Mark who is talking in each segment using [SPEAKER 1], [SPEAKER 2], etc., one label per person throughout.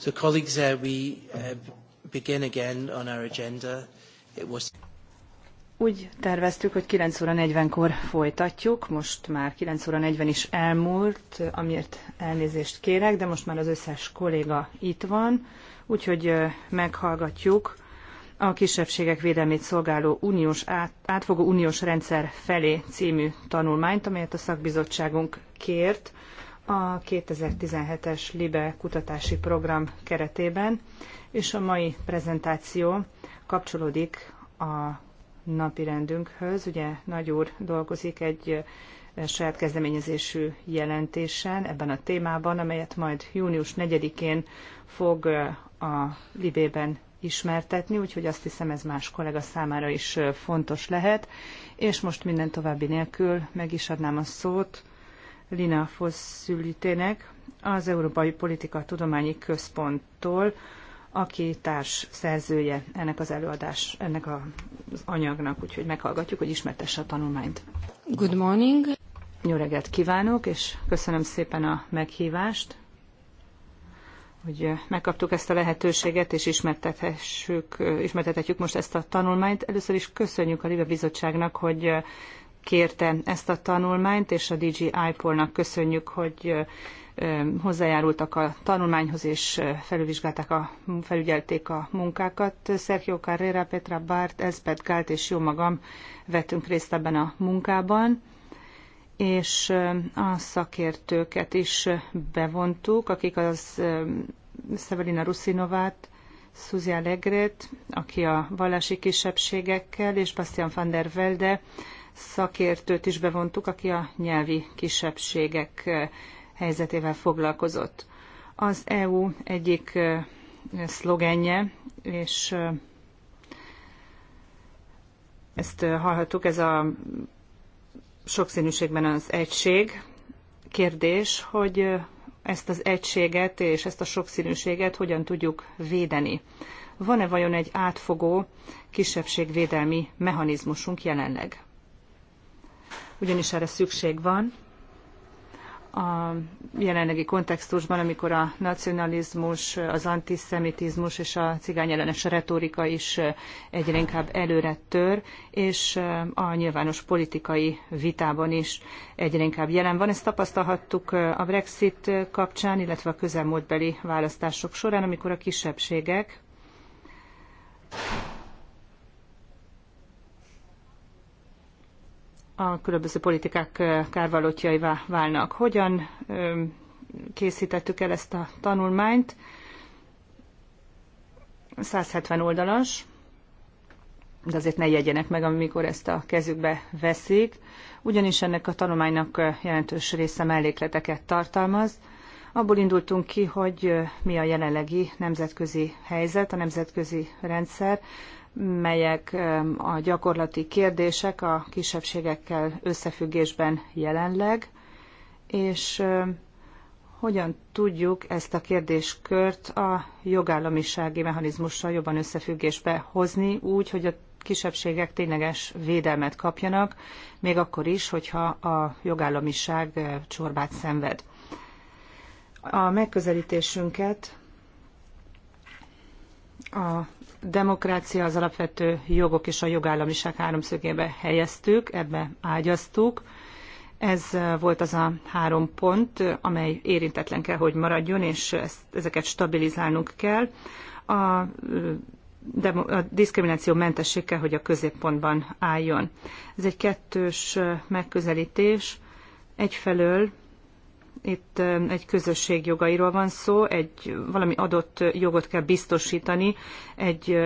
[SPEAKER 1] So, colleagues, uh, we uh, begin again on our agenda. It was...
[SPEAKER 2] Úgy terveztük, hogy 9 óra 40-kor folytatjuk, most már 9 óra 40 is elmúlt, amiért elnézést kérek, de most már az összes kolléga itt van, úgyhogy meghallgatjuk a kisebbségek védelmét szolgáló uniós át, átfogó uniós rendszer felé című tanulmányt, amelyet a szakbizottságunk kért a 2017-es LIBE kutatási program keretében, és a mai prezentáció kapcsolódik a rendünkhöz. Ugye Nagy úr dolgozik egy eh, saját kezdeményezésű jelentésen ebben a témában, amelyet majd június 4-én fog eh, a Libében ismertetni, úgyhogy azt hiszem ez más kollega számára is eh, fontos lehet. És most minden további nélkül meg is adnám a szót Lina Fosszülütének, az Európai Politika Tudományi Központtól, aki társ szerzője ennek az előadás, ennek az anyagnak, úgyhogy meghallgatjuk, hogy ismertesse a tanulmányt. Good morning! Jó reggelt kívánok, és köszönöm szépen a meghívást, hogy megkaptuk ezt a lehetőséget, és ismertethessük, ismertethetjük most ezt a tanulmányt. Először is köszönjük a Liga Bizottságnak, hogy kérte ezt a tanulmányt, és a DG IPOL-nak köszönjük, hogy hozzájárultak a tanulmányhoz, és felülvizsgálták a, felügyelték a munkákat. Sergio Carrera, Petra Bart, Elspeth Gált és jó magam vettünk részt ebben a munkában és a szakértőket is bevontuk, akik az Szevelina Rusinovát, Suzi Legret, aki a vallási kisebbségekkel, és Bastian van der Velde, szakértőt is bevontuk, aki a nyelvi kisebbségek eh, helyzetével foglalkozott. Az EU egyik eh, szlogenje, és eh, ezt hallhattuk, ez a sokszínűségben az egység. Kérdés, hogy ezt az egységet és ezt a sokszínűséget hogyan tudjuk védeni. Van-e vajon egy átfogó kisebbségvédelmi mechanizmusunk jelenleg? ugyanis erre szükség van. A jelenlegi kontextusban, amikor a nacionalizmus, az antiszemitizmus és a ellenes retorika is egyre inkább előre tör, és a nyilvános politikai vitában is egyre inkább jelen van. Ezt tapasztalhattuk a Brexit kapcsán, illetve a közelmúltbeli választások során, amikor a kisebbségek a különböző politikák kárvalótjaivá válnak. Hogyan készítettük el ezt a tanulmányt? 170 oldalas, de azért ne jegyenek meg, amikor ezt a kezükbe veszik, ugyanis ennek a tanulmánynak jelentős része mellékleteket tartalmaz. Abból indultunk ki, hogy mi a jelenlegi nemzetközi helyzet, a nemzetközi rendszer, melyek a gyakorlati kérdések a kisebbségekkel összefüggésben jelenleg, és hogyan tudjuk ezt a kérdéskört a jogállamisági mechanizmussal jobban összefüggésbe hozni, úgy, hogy a kisebbségek tényleges védelmet kapjanak, még akkor is, hogyha a jogállamiság csorbát szenved. A megközelítésünket a demokrácia, az alapvető jogok és a jogállamiság háromszögébe helyeztük, ebbe ágyaztuk. Ez volt az a három pont, amely érintetlen kell, hogy maradjon, és ezt, ezeket stabilizálnunk kell. A de a diszkrimináció mentesség kell, hogy a középpontban álljon. Ez egy kettős megközelítés. Egyfelől itt egy közösség jogairól van szó, egy valami adott jogot kell biztosítani, egy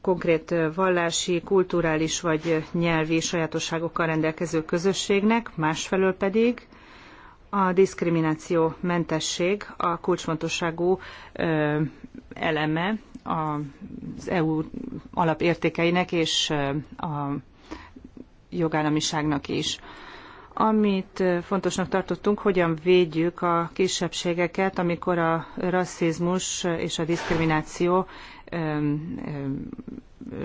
[SPEAKER 2] konkrét vallási, kulturális vagy nyelvi sajátosságokkal rendelkező közösségnek, másfelől pedig a diszkrimináció mentesség a kulcsfontosságú eleme az EU alapértékeinek és a jogállamiságnak is. Amit fontosnak tartottunk, hogyan védjük a kisebbségeket, amikor a rasszizmus és a diszkrimináció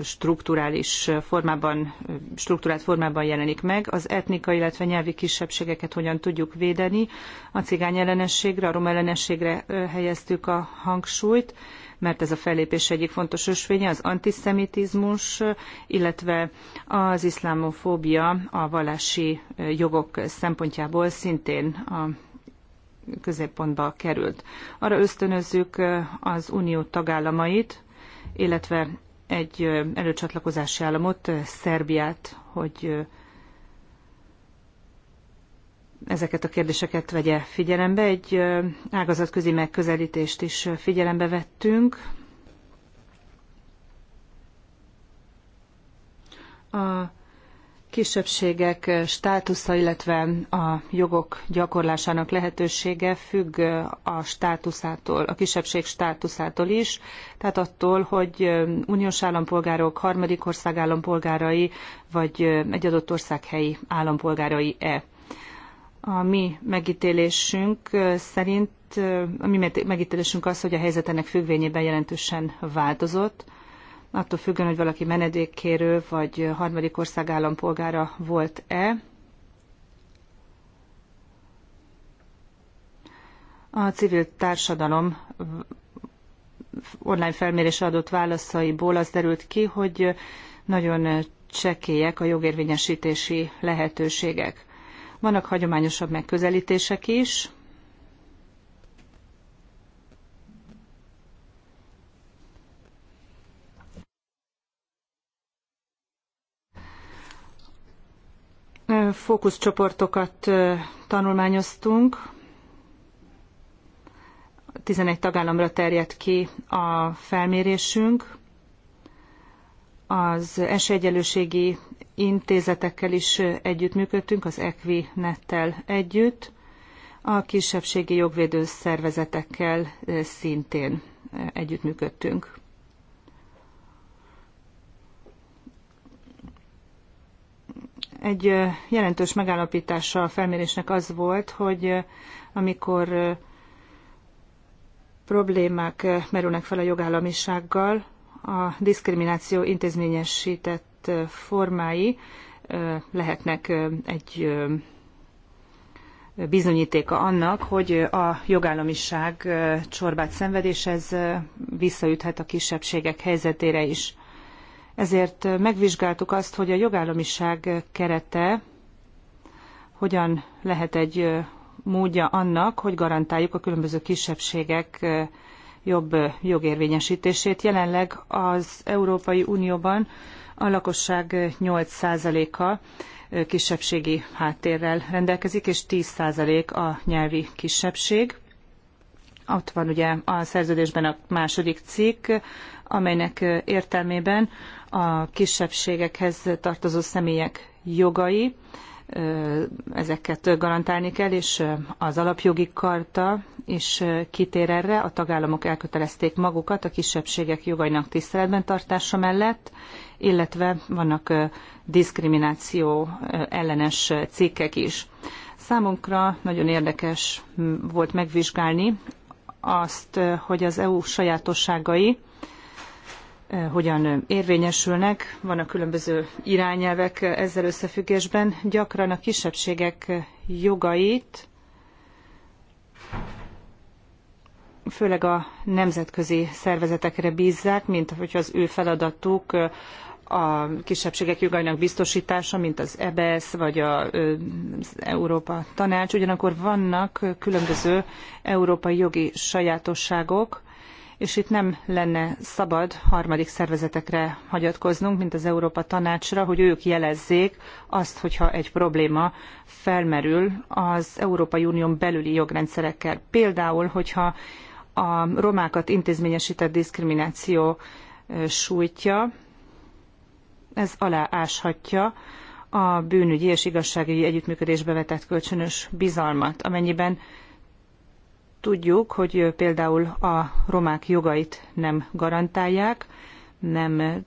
[SPEAKER 2] strukturális formában, strukturált formában jelenik meg. Az etnikai, illetve nyelvi kisebbségeket hogyan tudjuk védeni. A cigány ellenességre, a rom ellenességre helyeztük a hangsúlyt mert ez a fellépés egyik fontos ösvénye az antiszemitizmus, illetve az iszlámofóbia a vallási jogok szempontjából szintén a középpontba került. Arra ösztönözzük az unió tagállamait, illetve egy előcsatlakozási államot, Szerbiát, hogy ezeket a kérdéseket vegye figyelembe. Egy ágazatközi megközelítést is figyelembe vettünk. A kisebbségek státusza, illetve a jogok gyakorlásának lehetősége függ a státuszától, a kisebbség státuszától is, tehát attól, hogy uniós állampolgárok, harmadik ország állampolgárai, vagy egy adott ország helyi állampolgárai-e. A mi megítélésünk szerint, a mi megítélésünk az, hogy a helyzet ennek függvényében jelentősen változott. Attól függően, hogy valaki menedékkérő vagy harmadik ország állampolgára volt-e, A civil társadalom online felmérés adott válaszaiból az derült ki, hogy nagyon csekélyek a jogérvényesítési lehetőségek. Vannak hagyományosabb megközelítések is. Fókuszcsoportokat tanulmányoztunk. 11 tagállamra terjedt ki a felmérésünk az esélyegyelőségi intézetekkel is együttműködtünk, az Equinettel együtt, a kisebbségi jogvédő szervezetekkel eh, szintén eh, együttműködtünk. Egy eh, jelentős megállapítása a felmérésnek az volt, hogy amikor problémák merülnek fel a jogállamisággal, a diszkrimináció intézményesített formái lehetnek egy bizonyítéka annak, hogy a jogállamiság csorbát szenvedés, ez visszaüthet a kisebbségek helyzetére is. Ezért megvizsgáltuk azt, hogy a jogállamiság kerete hogyan lehet egy módja annak, hogy garantáljuk a különböző kisebbségek jobb jogérvényesítését. Jelenleg az Európai Unióban a lakosság 8%-a kisebbségi háttérrel rendelkezik, és 10% a nyelvi kisebbség. Ott van ugye a szerződésben a második cikk, amelynek értelmében a kisebbségekhez tartozó személyek jogai, ezeket garantálni kell, és az alapjogi karta is kitér erre. A tagállamok elkötelezték magukat a kisebbségek jogainak tiszteletben tartása mellett, illetve vannak diszkrimináció ellenes cikkek is. Számunkra nagyon érdekes volt megvizsgálni azt, hogy az EU sajátosságai hogyan érvényesülnek. Vannak különböző irányelvek ezzel összefüggésben. Gyakran a kisebbségek jogait, főleg a nemzetközi szervezetekre bízzák, mint hogy az ő feladatuk a kisebbségek jogainak biztosítása, mint az EBS e vagy az Európa Tanács. Ugyanakkor vannak különböző európai jogi sajátosságok, és itt nem lenne szabad harmadik szervezetekre hagyatkoznunk, mint az Európa Tanácsra, hogy ők jelezzék azt, hogyha egy probléma felmerül az Európai Unión belüli jogrendszerekkel. Például, hogyha a romákat intézményesített diszkrimináció sújtja, ez alááshatja a bűnügyi és igazságügyi együttműködésbe vetett kölcsönös bizalmat, amennyiben Tudjuk, hogy például a romák jogait nem garantálják, nem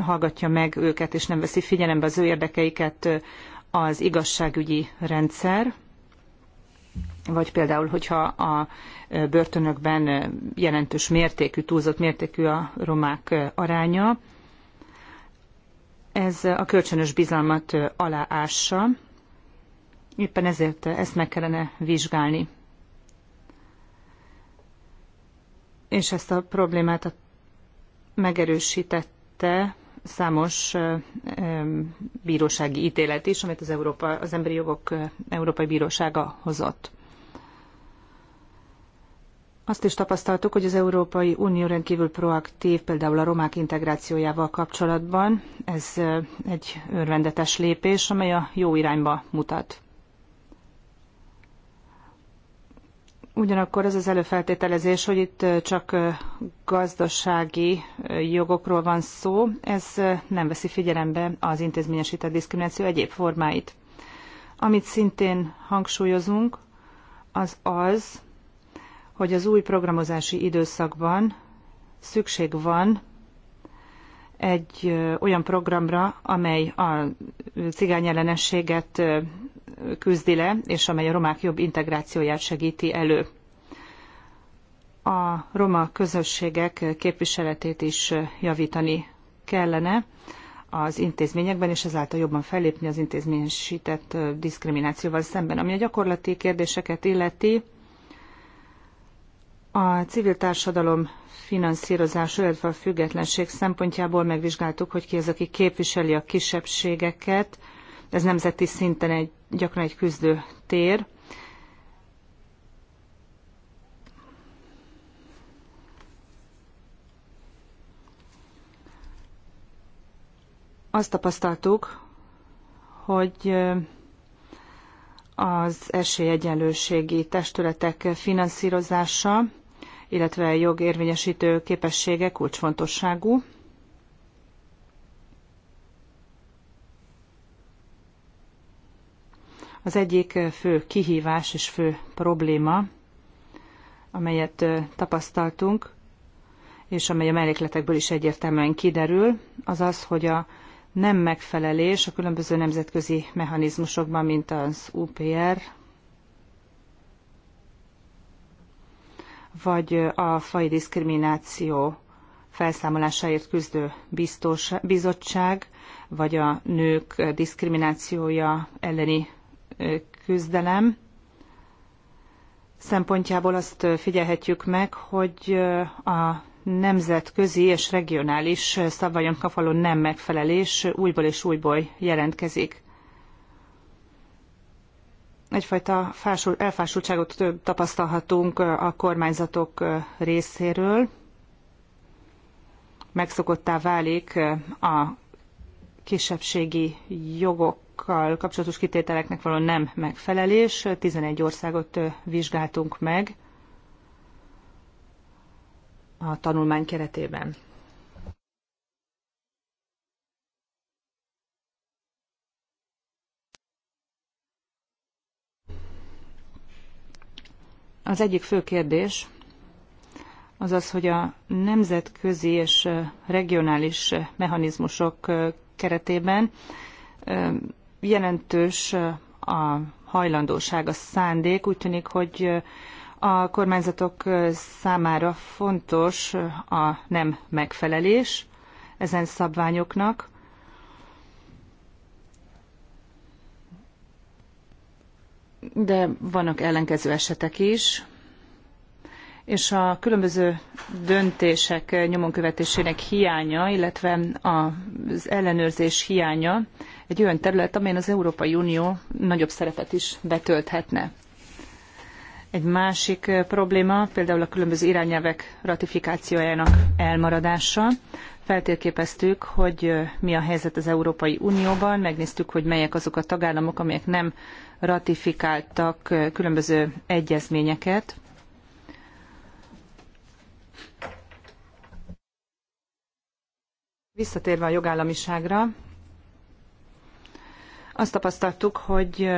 [SPEAKER 2] hallgatja meg őket, és nem veszi figyelembe az ő érdekeiket az igazságügyi rendszer, vagy például, hogyha a börtönökben jelentős mértékű, túlzott mértékű a romák aránya, ez a kölcsönös bizalmat aláássa. Éppen ezért ezt meg kellene vizsgálni. és ezt a problémát megerősítette számos bírósági ítélet is, amit az, Európa, az Emberi Jogok Európai Bírósága hozott. Azt is tapasztaltuk, hogy az Európai Unió rendkívül proaktív, például a romák integrációjával kapcsolatban. Ez egy örvendetes lépés, amely a jó irányba mutat. Ugyanakkor az az előfeltételezés, hogy itt csak gazdasági jogokról van szó, ez nem veszi figyelembe az intézményesített diszkrimináció egyéb formáit. Amit szintén hangsúlyozunk, az az, hogy az új programozási időszakban szükség van egy olyan programra, amely a cigány ellenességet küzdi le, és amely a romák jobb integrációját segíti elő. A roma közösségek képviseletét is javítani kellene az intézményekben, és ezáltal jobban fellépni az intézményesített diszkriminációval szemben. Ami a gyakorlati kérdéseket illeti, a civil társadalom finanszírozás, illetve a függetlenség szempontjából megvizsgáltuk, hogy ki az, aki képviseli a kisebbségeket. Ez nemzeti szinten egy, gyakran egy küzdő tér. Azt tapasztaltuk, hogy az esélyegyenlőségi testületek finanszírozása, illetve jogérvényesítő képessége kulcsfontosságú. Az egyik fő kihívás és fő probléma, amelyet tapasztaltunk, és amely a mellékletekből is egyértelműen kiderül, az az, hogy a nem megfelelés a különböző nemzetközi mechanizmusokban, mint az UPR, vagy a faj diszkrimináció felszámolásáért küzdő biztos, bizottság, vagy a nők diszkriminációja elleni küzdelem szempontjából azt figyelhetjük meg, hogy a nemzetközi és regionális szabványon kafaló nem megfelelés újból és újból jelentkezik. Egyfajta fásul, elfásultságot tapasztalhatunk a kormányzatok részéről. Megszokottá válik a kisebbségi jogokkal kapcsolatos kitételeknek való nem megfelelés. 11 országot vizsgáltunk meg a tanulmány keretében. Az egyik fő kérdés az az, hogy a nemzetközi és regionális mechanizmusok keretében jelentős a hajlandóság, a szándék. Úgy tűnik, hogy a kormányzatok számára fontos a nem megfelelés ezen szabványoknak, de vannak ellenkező esetek is, és a különböző döntések nyomon követésének hiánya, illetve az ellenőrzés hiánya egy olyan terület, amelyen az Európai Unió nagyobb szerepet is betölthetne. Egy másik probléma például a különböző irányelvek ratifikációjának elmaradása. Feltérképeztük, hogy mi a helyzet az Európai Unióban, megnéztük, hogy melyek azok a tagállamok, amelyek nem ratifikáltak különböző egyezményeket. Visszatérve a jogállamiságra, azt tapasztaltuk, hogy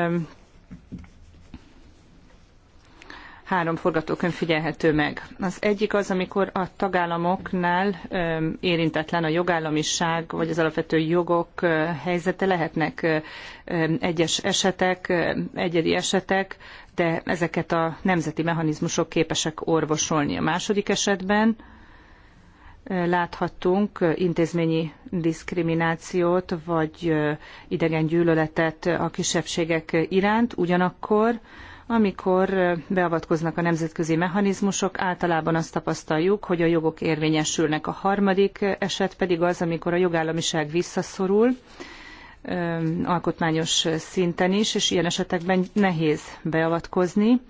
[SPEAKER 2] három forgatókönyv figyelhető meg. Az egyik az, amikor a tagállamoknál érintetlen a jogállamiság vagy az alapvető jogok helyzete lehetnek egyes esetek, egyedi esetek, de ezeket a nemzeti mechanizmusok képesek orvosolni. A második esetben láthattunk intézményi diszkriminációt, vagy idegen gyűlöletet a kisebbségek iránt, ugyanakkor amikor beavatkoznak a nemzetközi mechanizmusok, általában azt tapasztaljuk, hogy a jogok érvényesülnek. A harmadik eset pedig az, amikor a jogállamiság visszaszorul, alkotmányos szinten is, és ilyen esetekben nehéz beavatkozni,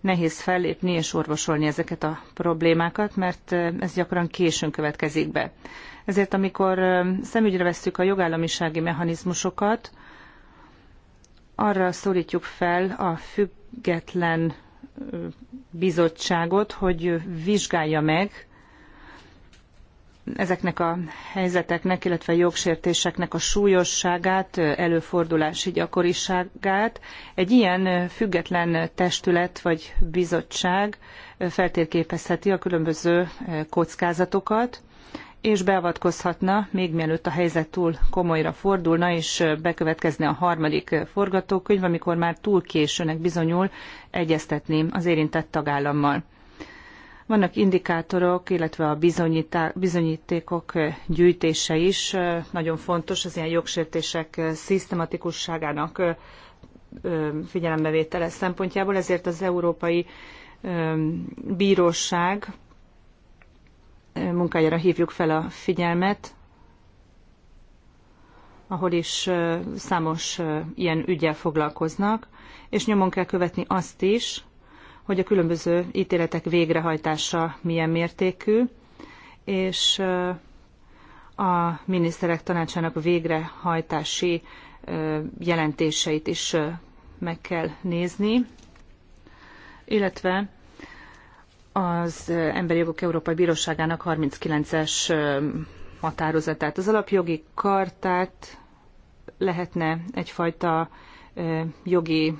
[SPEAKER 2] nehéz fellépni és orvosolni ezeket a problémákat, mert ez gyakran későn következik be. Ezért amikor szemügyre vesszük a jogállamisági mechanizmusokat, arra szólítjuk fel a függ független bizottságot, hogy vizsgálja meg ezeknek a helyzeteknek, illetve jogsértéseknek a súlyosságát, előfordulási gyakoriságát. Egy ilyen független testület vagy bizottság feltérképezheti a különböző kockázatokat, és beavatkozhatna, még mielőtt a helyzet túl komolyra fordulna, és bekövetkezne a harmadik forgatókönyv, amikor már túl későnek bizonyul egyeztetni az érintett tagállammal. Vannak indikátorok, illetve a bizonyítékok gyűjtése is nagyon fontos az ilyen jogsértések szisztematikusságának figyelembevétele szempontjából, ezért az Európai Bíróság munkájára hívjuk fel a figyelmet, ahol is számos ilyen ügyel foglalkoznak, és nyomon kell követni azt is, hogy a különböző ítéletek végrehajtása milyen mértékű, és a miniszterek tanácsának végrehajtási jelentéseit is meg kell nézni, illetve az Emberi Jogok Európai Bíróságának 39-es határozatát. Az alapjogi kartát lehetne egyfajta jogi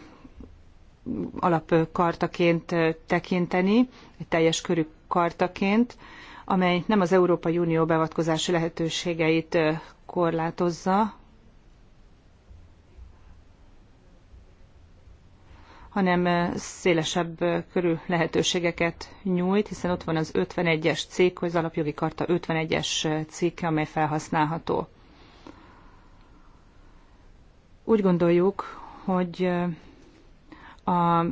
[SPEAKER 2] alapkartaként tekinteni, egy teljes körű kartaként, amely nem az Európai Unió beavatkozási lehetőségeit korlátozza, hanem szélesebb körű lehetőségeket nyújt, hiszen ott van az 51-es cikk, az alapjogi karta 51-es cikke, amely felhasználható. Úgy gondoljuk, hogy a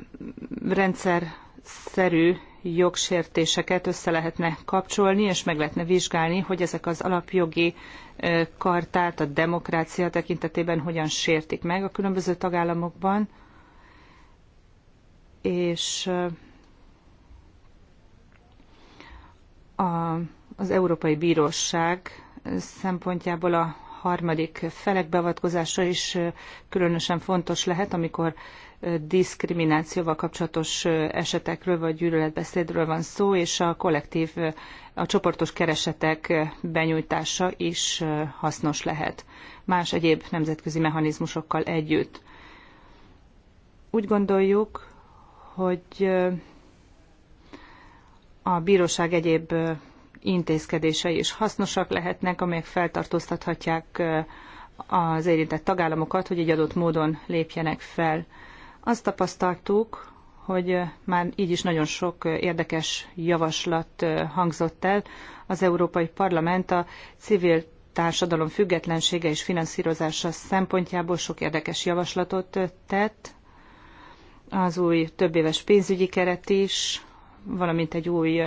[SPEAKER 2] rendszer szerű jogsértéseket össze lehetne kapcsolni, és meg lehetne vizsgálni, hogy ezek az alapjogi kartát a demokrácia tekintetében hogyan sértik meg a különböző tagállamokban, és a, az Európai Bíróság szempontjából a harmadik felek beavatkozása is különösen fontos lehet, amikor diszkriminációval kapcsolatos esetekről vagy gyűlöletbeszédről van szó, és a kollektív, a csoportos keresetek benyújtása is hasznos lehet más egyéb nemzetközi mechanizmusokkal együtt. Úgy gondoljuk, hogy a bíróság egyéb intézkedései is hasznosak lehetnek, amelyek feltartóztathatják az érintett tagállamokat, hogy egy adott módon lépjenek fel. Azt tapasztaltuk, hogy már így is nagyon sok érdekes javaslat hangzott el. Az Európai Parlament a civil társadalom függetlensége és finanszírozása szempontjából sok érdekes javaslatot tett, az új többéves pénzügyi keret is, valamint egy új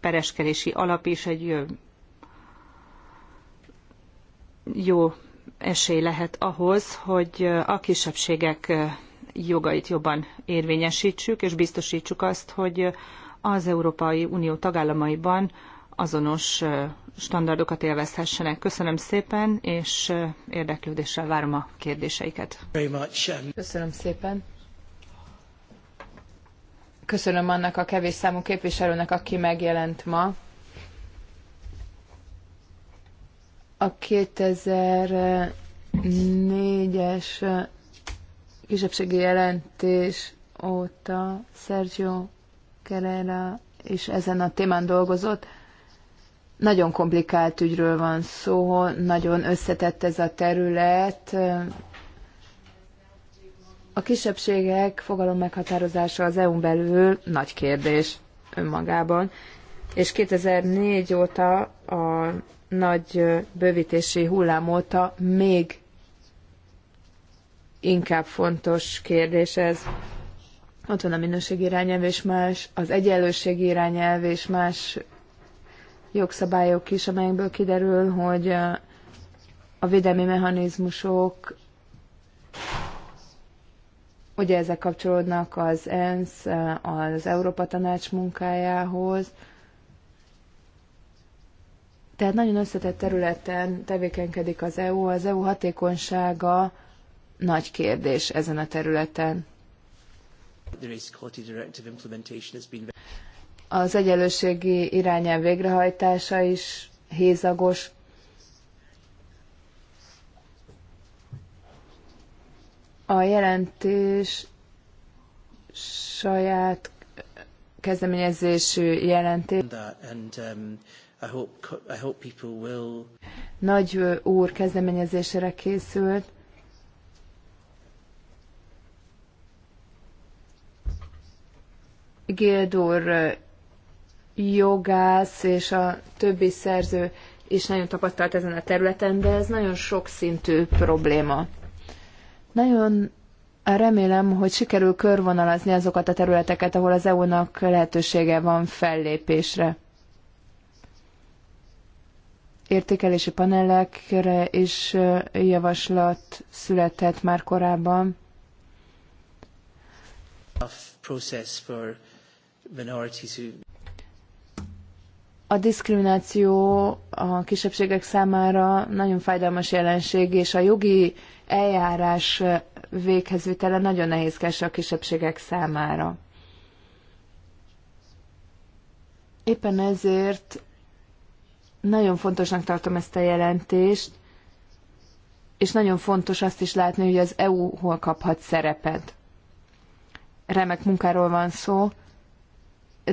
[SPEAKER 2] pereskedési alap is egy jó esély lehet ahhoz, hogy a kisebbségek jogait jobban érvényesítsük, és biztosítsuk azt, hogy az Európai Unió tagállamaiban azonos standardokat élvezhessenek. Köszönöm szépen, és érdeklődéssel várom a kérdéseiket. Um, Köszönöm szépen.
[SPEAKER 3] Köszönöm annak a kevés számú képviselőnek, aki megjelent ma. A 2004-es kisebbségi jelentés óta Sergio Carrera is ezen a témán dolgozott. Nagyon komplikált ügyről van szó, nagyon összetett ez a terület. A kisebbségek fogalom meghatározása az EU-n belül nagy kérdés önmagában, és 2004 óta a nagy bővítési hullám óta még inkább fontos kérdés ez. Ott van a minőség irányelv és más, az egyenlőség irányelv és más jogszabályok is, amelyekből kiderül, hogy a védelmi mechanizmusok, ugye ezek kapcsolódnak az ENSZ, az Európa Tanács munkájához, tehát nagyon összetett területen tevékenykedik az EU, az EU hatékonysága nagy kérdés ezen a területen. Az egyenlőségi irányelv végrehajtása is hézagos. A jelentés saját kezdeményezésű jelentés. Nagy úr kezdeményezésére készült. Gild úr jogász és a többi szerző is nagyon tapasztalt ezen a területen, de ez nagyon sokszintű probléma. Nagyon remélem, hogy sikerül körvonalazni azokat a területeket, ahol az EU-nak lehetősége van fellépésre. Értékelési panelekre is javaslat született már korábban. A diszkrimináció a kisebbségek számára nagyon fájdalmas jelenség, és a jogi eljárás véghezvitele nagyon nehézkes a kisebbségek számára. Éppen ezért nagyon fontosnak tartom ezt a jelentést, és nagyon fontos azt is látni, hogy az EU hol kaphat szerepet. Remek munkáról van szó,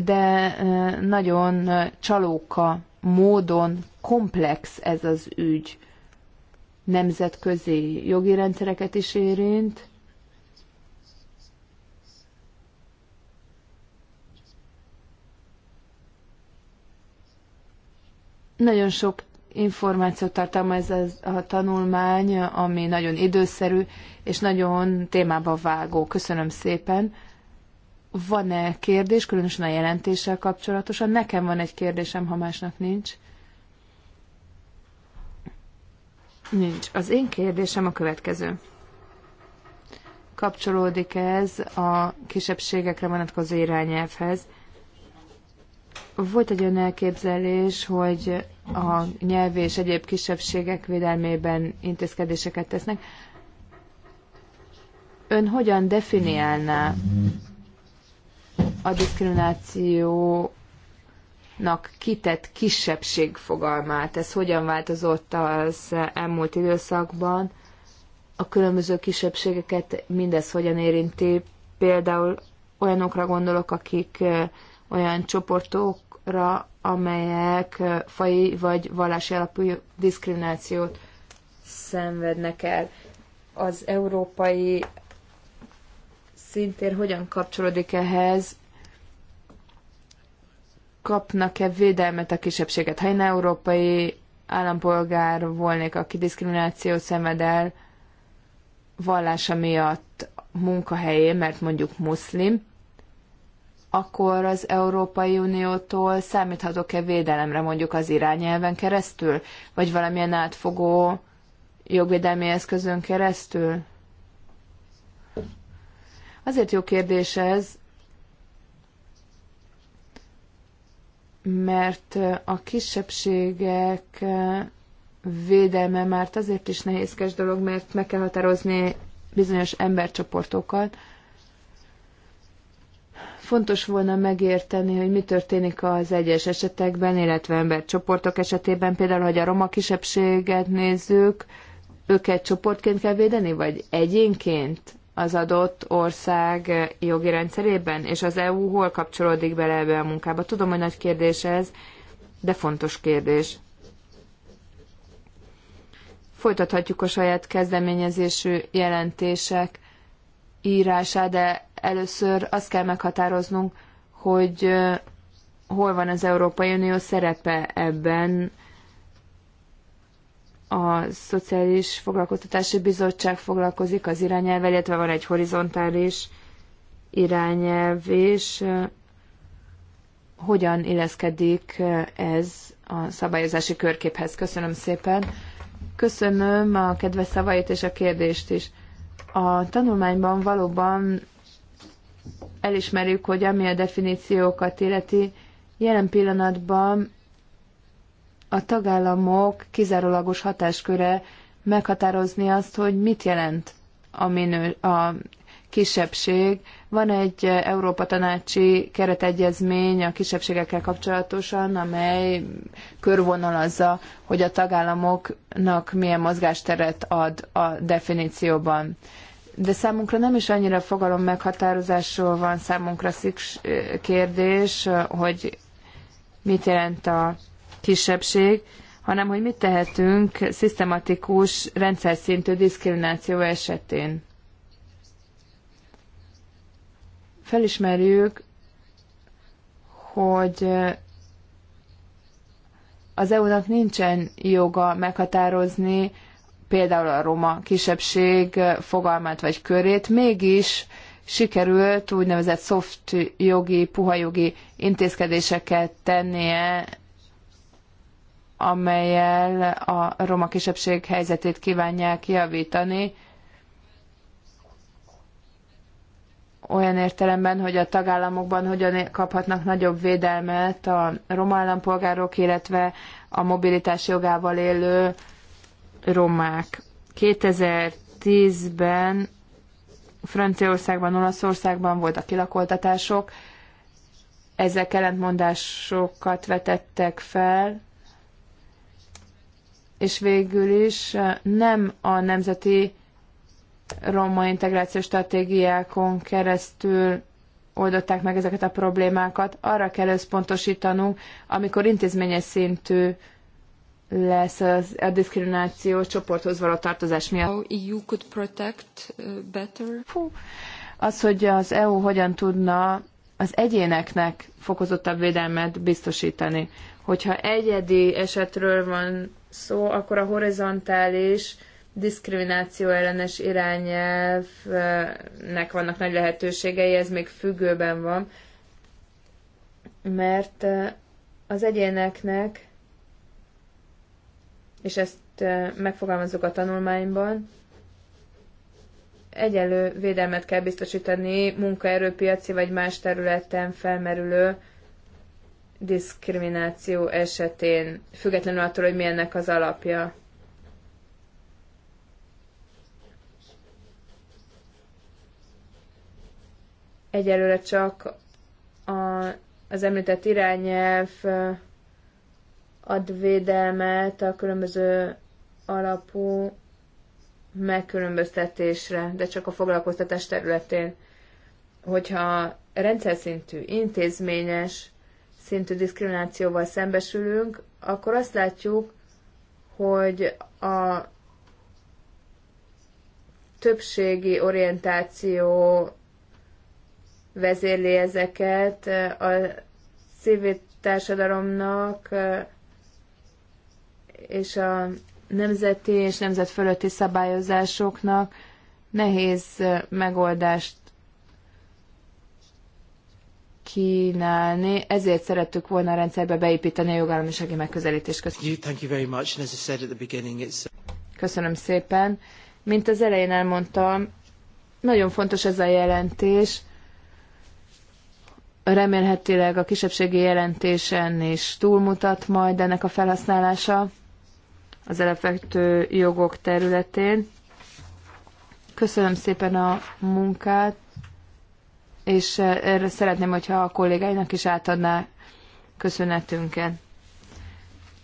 [SPEAKER 3] de nagyon csalóka módon komplex ez az ügy. Nemzetközi jogi rendszereket is érint, nagyon sok információt tartalmaz ez a tanulmány, ami nagyon időszerű és nagyon témába vágó. Köszönöm szépen van-e kérdés, különösen a jelentéssel kapcsolatosan? Nekem van egy kérdésem, ha másnak nincs. Nincs. Az én kérdésem a következő. Kapcsolódik ez a kisebbségekre vonatkozó irányelvhez. Volt egy olyan elképzelés, hogy a nyelvi és egyéb kisebbségek védelmében intézkedéseket tesznek. Ön hogyan definiálná a diszkriminációnak kitett kisebbség fogalmát. Ez hogyan változott az elmúlt időszakban? A különböző kisebbségeket mindez hogyan érinti? Például olyanokra gondolok, akik olyan csoportokra, amelyek fai vagy vallási alapú diszkriminációt szenvednek el. Az európai szintér hogyan kapcsolódik ehhez kapnak-e védelmet a kisebbséget? Ha én európai állampolgár volnék, aki diszkriminációt szenved el vallása miatt munkahelyén, mert mondjuk muszlim, akkor az Európai Uniótól számíthatok-e védelemre mondjuk az irányelven keresztül, vagy valamilyen átfogó jogvédelmi eszközön keresztül? Azért jó kérdés ez, mert a kisebbségek védelme már azért is nehézkes dolog, mert meg kell határozni bizonyos embercsoportokat. Fontos volna megérteni, hogy mi történik az egyes esetekben, illetve embercsoportok esetében, például, hogy a roma kisebbséget nézzük, őket csoportként kell védeni, vagy egyénként? az adott ország jogi rendszerében, és az EU hol kapcsolódik bele ebbe a munkába. Tudom, hogy nagy kérdés ez, de fontos kérdés. Folytathatjuk a saját kezdeményezésű jelentések írását, de először azt kell meghatároznunk, hogy eh, hol van az Európai Unió szerepe ebben, a Szociális Foglalkoztatási Bizottság foglalkozik az irányelv, illetve van egy horizontális irányelv, és hogyan illeszkedik ez a szabályozási körképhez. Köszönöm szépen. Köszönöm a kedves szavait és a kérdést is. A tanulmányban valóban elismerjük, hogy ami a definíciókat illeti, jelen pillanatban a tagállamok kizárólagos hatásköre meghatározni azt, hogy mit jelent a, minő, a kisebbség. Van egy Európa Tanácsi keretegyezmény a kisebbségekkel kapcsolatosan, amely körvonalazza, hogy a tagállamoknak milyen mozgásteret ad a definícióban. De számunkra nem is annyira fogalom meghatározásról van számunkra kérdés, hogy mit jelent a kisebbség, hanem hogy mit tehetünk szisztematikus, rendszer szintű diszkrimináció esetén. Felismerjük, hogy az EU-nak nincsen joga meghatározni például a roma kisebbség fogalmát vagy körét, mégis sikerült úgynevezett soft jogi, puha jogi intézkedéseket tennie amelyel a roma kisebbség helyzetét kívánják javítani, olyan értelemben, hogy a tagállamokban hogyan kaphatnak nagyobb védelmet a roma állampolgárok, illetve a mobilitás jogával élő romák. 2010-ben Franciaországban, Olaszországban voltak kilakoltatások, ezek ellentmondásokat vetettek fel, és végül is eh, nem a nemzeti roma integrációs stratégiákon keresztül oldották meg ezeket a problémákat. Arra kell összpontosítanunk, amikor intézményes szintű lesz az, a diszkrimináció csoporthoz való tartozás miatt. How EU could protect uh, better. Fú, az, hogy az EU hogyan tudna az egyéneknek fokozottabb védelmet biztosítani. Hogyha egyedi esetről van szó, akkor a horizontális diszkrimináció ellenes irányelvnek vannak nagy lehetőségei, ez még függőben van, mert az egyéneknek, és ezt megfogalmazok a tanulmányban, egyelő védelmet kell biztosítani munkaerőpiaci vagy más területen felmerülő diszkrimináció esetén, függetlenül attól, hogy milyennek az alapja. Egyelőre csak a, az említett irányelv ad védelmet a különböző alapú megkülönböztetésre, de csak a foglalkoztatás területén. Hogyha rendszer szintű, intézményes szintű diszkriminációval szembesülünk, akkor azt látjuk, hogy a többségi orientáció vezérli ezeket, a civil társadalomnak és a nemzeti és nemzet fölötti szabályozásoknak nehéz megoldást kínálni, ezért szerettük volna a rendszerbe beépíteni a jogállamisági megközelítést. Köszönöm. szépen. Mint az elején elmondtam, nagyon fontos ez a jelentés. Remélhetőleg a kisebbségi jelentésen is túlmutat majd ennek a felhasználása az alapvető jogok területén. Köszönöm szépen a munkát és erre szeretném, hogyha a kollégáinak is átadná köszönetünket.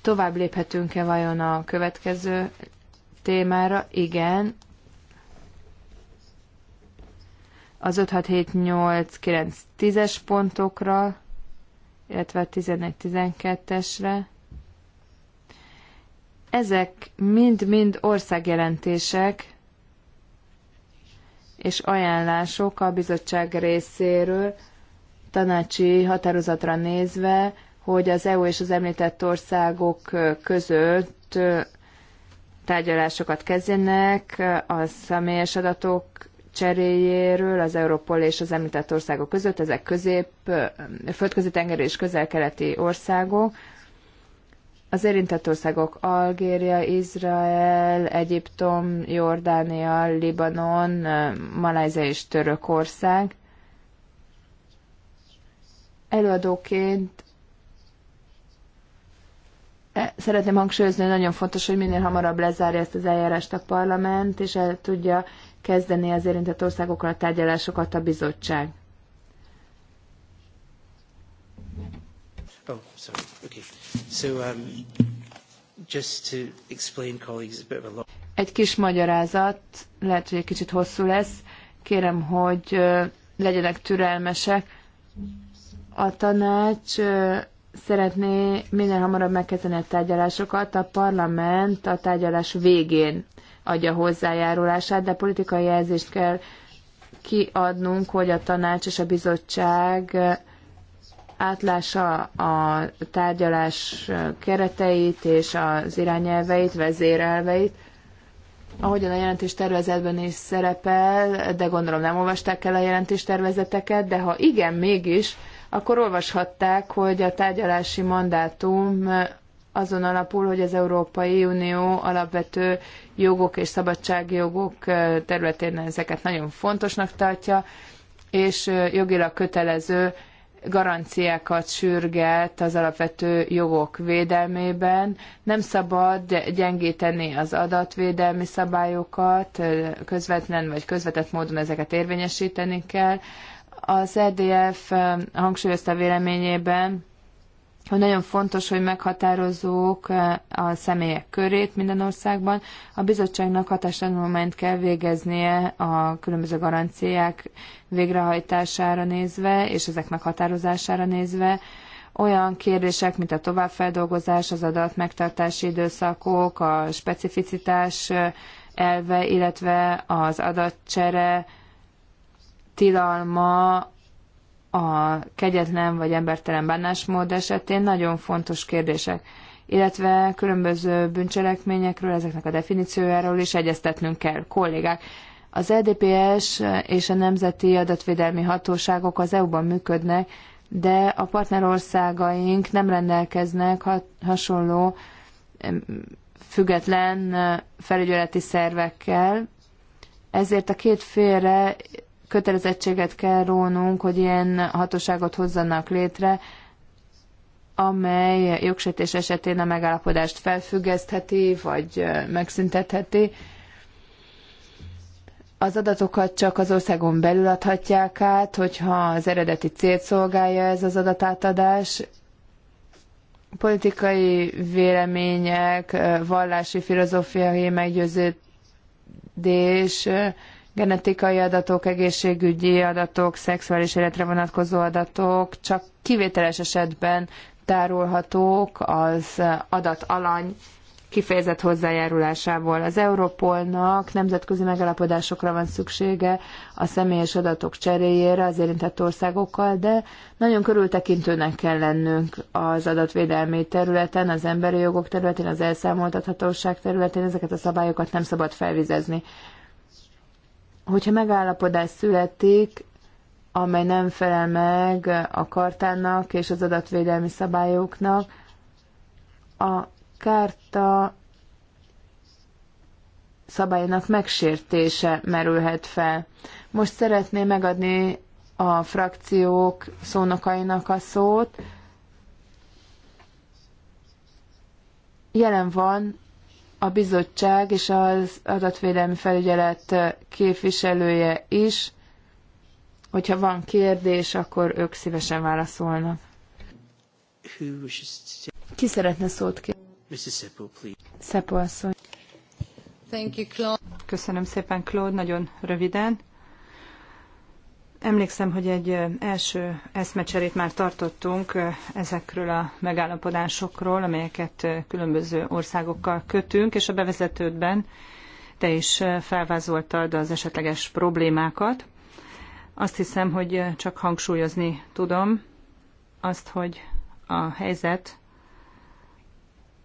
[SPEAKER 3] Tovább léphetünk-e vajon a következő témára? Igen. Az 5, 6, 7, 8, 9, 10-es pontokra, illetve a 11, 12-esre. Ezek mind-mind országjelentések, és ajánlások a bizottság részéről tanácsi határozatra nézve, hogy az EU és az említett országok között tárgyalásokat kezdjenek a személyes adatok cseréjéről az Európol és az említett országok között, ezek közép, földközi tenger és közel-keleti országok, az érintett országok Algéria, Izrael, Egyiptom, Jordánia, Libanon, Malajzia és Törökország. Előadóként e, szeretném hangsúlyozni, hogy nagyon fontos, hogy minél hamarabb lezárja ezt az eljárást a parlament, és el tudja kezdeni az érintett országokkal a tárgyalásokat a bizottság.
[SPEAKER 1] Oh, sorry. Okay. So, um, just to explain, colleagues, a bit of a long... Egy
[SPEAKER 3] kis magyarázat, lehet, hogy egy kicsit hosszú lesz. Kérem, hogy legyenek türelmesek. A tanács szeretné minél hamarabb megkezdeni a tárgyalásokat, a parlament a tárgyalás végén adja hozzájárulását, de politikai jelzést kell kiadnunk, hogy a tanács és a bizottság átlása a tárgyalás kereteit és az irányelveit, vezérelveit. Ahogyan a jelentéstervezetben is szerepel, de gondolom nem olvasták el a jelentéstervezeteket, de ha igen, mégis, akkor olvashatták, hogy a tárgyalási mandátum azon alapul, hogy az Európai Unió alapvető jogok és szabadságjogok területén ezeket nagyon fontosnak tartja, és jogilag kötelező garanciákat sürget az alapvető jogok védelmében. Nem szabad gyengíteni az adatvédelmi szabályokat, közvetlen vagy közvetett módon ezeket érvényesíteni kell. Az EDF eh, hangsúlyozta véleményében, hogy nagyon fontos, hogy meghatározzuk eh, a személyek körét minden országban. A bizottságnak hatástanulmányt kell végeznie a különböző garanciák végrehajtására nézve, és ezek meghatározására nézve. Olyan kérdések, mint a továbbfeldolgozás, az adat megtartási időszakok, a specificitás eh, elve, illetve az adatcsere tilalma a kegyetlen vagy embertelen bánásmód esetén nagyon fontos kérdések, illetve különböző bűncselekményekről, ezeknek a definíciójáról is egyeztetnünk kell, kollégák. Az EDPS és a Nemzeti Adatvédelmi Hatóságok az EU-ban működnek, de a partnerországaink nem rendelkeznek hasonló független felügyeleti szervekkel, ezért a két félre kötelezettséget kell rónunk, hogy ilyen hatóságot hozzanak létre, amely jogsértés esetén a megállapodást felfüggesztheti, vagy megszüntetheti. Az adatokat csak az országon belül adhatják át, hogyha az eredeti célt szolgálja ez az adatátadás. Politikai vélemények, vallási filozófiai meggyőződés, genetikai adatok, egészségügyi adatok, szexuális életre vonatkozó adatok csak kivételes esetben tárolhatók az adatalany kifejezett hozzájárulásából. Az Europolnak nemzetközi megalapodásokra van szüksége a személyes adatok cseréjére az érintett országokkal, de nagyon körültekintőnek kell lennünk az adatvédelmi területen, az emberi jogok területén, az elszámoltathatóság területén, ezeket a szabályokat nem szabad felvizezni. Hogyha megállapodás születik, amely nem felel meg a kartának és az adatvédelmi szabályoknak, a kárta szabályának megsértése merülhet fel. Most szeretném megadni a frakciók szónokainak a szót. Jelen van a bizottság és az adatvédelmi felügyelet képviselője is. Hogyha van kérdés, akkor ők szívesen válaszolnak.
[SPEAKER 2] Ki szeretne szót kérni? Szepo asszony. Köszönöm szépen, Claude, nagyon röviden. Emlékszem, hogy egy első eszmecserét már tartottunk ezekről a megállapodásokról, amelyeket különböző országokkal kötünk, és a bevezetődben te is felvázoltad az esetleges problémákat. Azt hiszem, hogy csak hangsúlyozni tudom azt, hogy a helyzet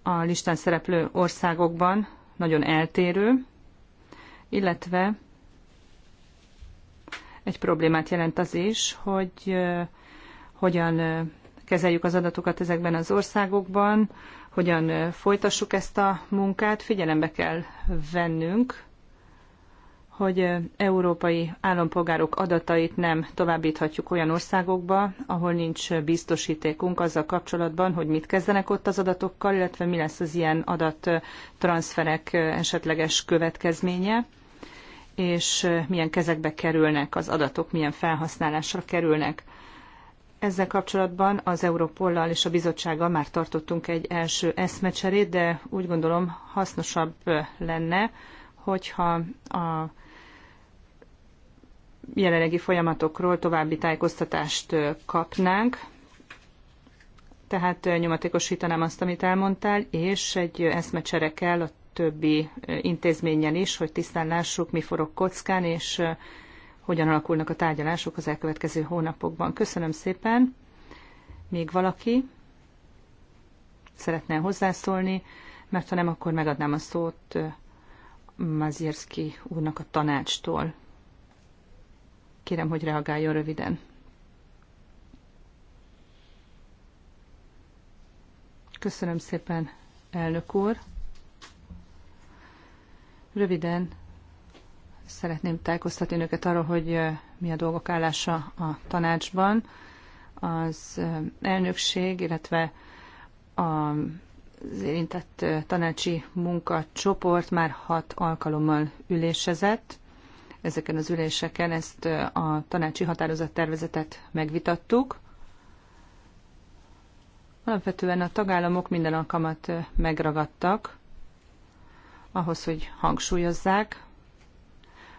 [SPEAKER 2] a listán szereplő országokban nagyon eltérő, illetve egy problémát jelent az is, hogy hogyan kezeljük az adatokat ezekben az országokban, hogyan folytassuk ezt a munkát. Figyelembe kell vennünk, hogy európai állampolgárok adatait nem továbbíthatjuk olyan országokba, ahol nincs biztosítékunk azzal kapcsolatban, hogy mit kezdenek ott az adatokkal, illetve mi lesz az ilyen adattranszferek esetleges következménye és milyen kezekbe kerülnek az adatok, milyen felhasználásra kerülnek. Ezzel kapcsolatban az Európollal és a bizottsággal már tartottunk egy első eszmecserét, de úgy gondolom hasznosabb lenne, hogyha a jelenlegi folyamatokról további tájékoztatást kapnánk. Tehát nyomatékosítanám azt, amit elmondtál, és egy eszmecsere kell a többi intézménnyel is, hogy tisztán lássuk, mi forog kockán, és hogyan alakulnak a tárgyalások az elkövetkező hónapokban. Köszönöm szépen. Még valaki szeretne hozzászólni, mert ha nem, akkor megadnám a szót Mazierski úrnak a tanácstól. Kérem, hogy reagáljon röviden. Köszönöm szépen, elnök úr. Röviden szeretném tájékoztatni önöket arról, hogy mi a dolgok állása a tanácsban. Az elnökség, illetve az érintett tanácsi munkacsoport már hat alkalommal ülésezett. Ezeken az üléseken ezt a tanácsi határozattervezetet megvitattuk. Alapvetően a tagállamok minden alkalmat megragadtak ahhoz, hogy hangsúlyozzák,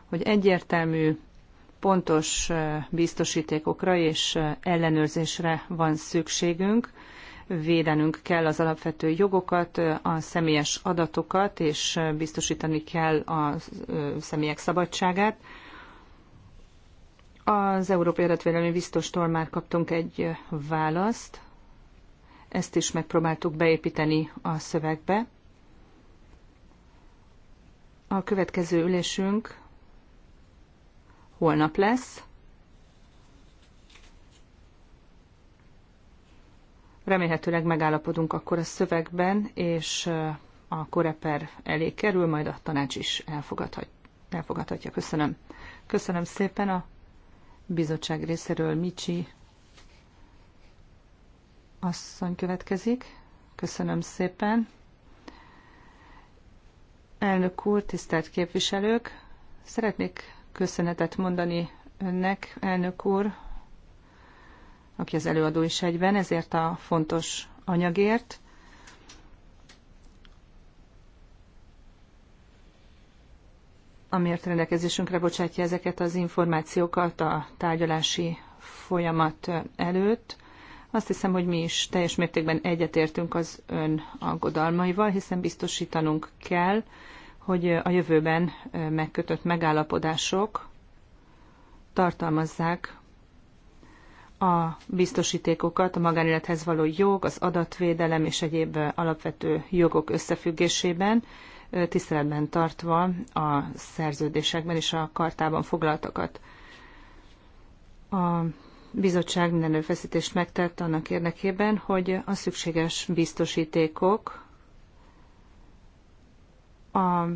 [SPEAKER 2] hogy egyértelmű, pontos biztosítékokra és ellenőrzésre van szükségünk, védenünk kell az alapvető jogokat, a személyes adatokat, és biztosítani kell a személyek szabadságát. Az Európai Adatvédelmi Biztostól már kaptunk egy választ, ezt is megpróbáltuk beépíteni a szövegbe. A következő ülésünk holnap lesz. Remélhetőleg megállapodunk akkor a szövegben, és uh, a koreper elé kerül, majd a tanács is elfogadhat, elfogadhatja. Köszönöm. Köszönöm szépen a bizottság részéről Micsi asszony következik. Köszönöm szépen. Elnök úr, tisztelt képviselők! Szeretnék köszönetet mondani önnek, elnök úr, aki az előadó is egyben, ezért a fontos anyagért. amiért rendelkezésünkre bocsátja ezeket az információkat a tárgyalási folyamat előtt. Azt hiszem, hogy mi is teljes mértékben egyetértünk az ön aggodalmaival, hiszen biztosítanunk kell, hogy a jövőben megkötött megállapodások tartalmazzák a biztosítékokat a magánélethez való jog, az adatvédelem és egyéb alapvető jogok összefüggésében, tiszteletben tartva a szerződésekben és a kartában foglaltakat. A bizottság minden erőfeszítést megtett annak érdekében, hogy a szükséges biztosítékok a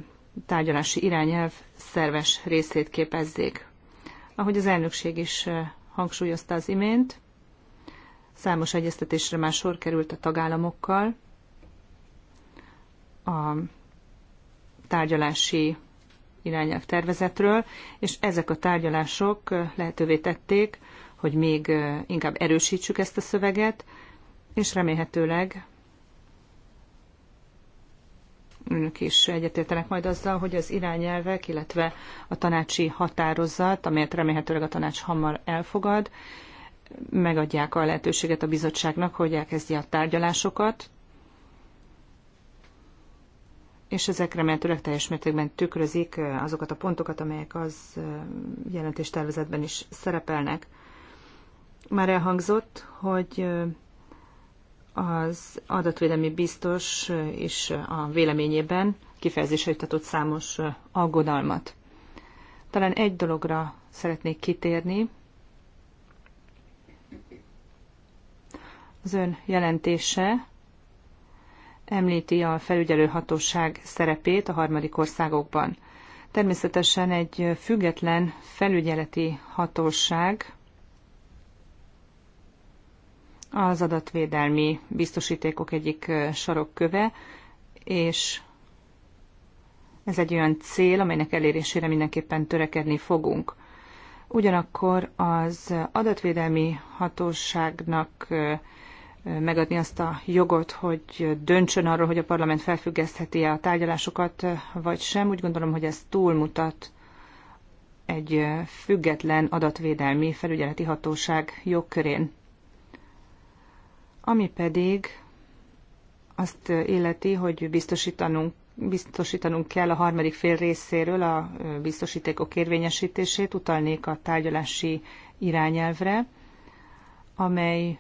[SPEAKER 2] tárgyalási irányelv szerves részét képezzék. Ahogy az elnökség is hangsúlyozta az imént, számos egyeztetésre már sor került a tagállamokkal, a tárgyalási irányelv tervezetről, és ezek a tárgyalások lehetővé tették, hogy még inkább erősítsük ezt a szöveget, és remélhetőleg önök is egyetértenek majd azzal, hogy az irányelvek, illetve a tanácsi határozat, amelyet remélhetőleg a tanács hamar elfogad, megadják a lehetőséget a bizottságnak, hogy elkezdje a tárgyalásokat, és ezek remélhetőleg teljes mértékben tükrözik azokat a pontokat, amelyek az jelentéstervezetben is szerepelnek. Már elhangzott, hogy az adatvédelmi biztos is a véleményében kifejezésre jutatott számos aggodalmat. Talán egy dologra szeretnék kitérni. Az ön jelentése említi a felügyelőhatóság szerepét a harmadik országokban. Természetesen egy független felügyeleti hatóság az adatvédelmi biztosítékok egyik sarokköve, és ez egy olyan cél, amelynek elérésére mindenképpen törekedni fogunk. Ugyanakkor az adatvédelmi hatóságnak megadni azt a jogot, hogy döntsön arról, hogy a parlament felfüggesztheti-e a tárgyalásokat, vagy sem. Úgy gondolom, hogy ez túlmutat egy független adatvédelmi felügyeleti hatóság jogkörén. Ami pedig azt illeti, hogy biztosítanunk biztosítanunk kell a harmadik fél részéről a biztosítékok érvényesítését, utalnék a tárgyalási irányelvre, amely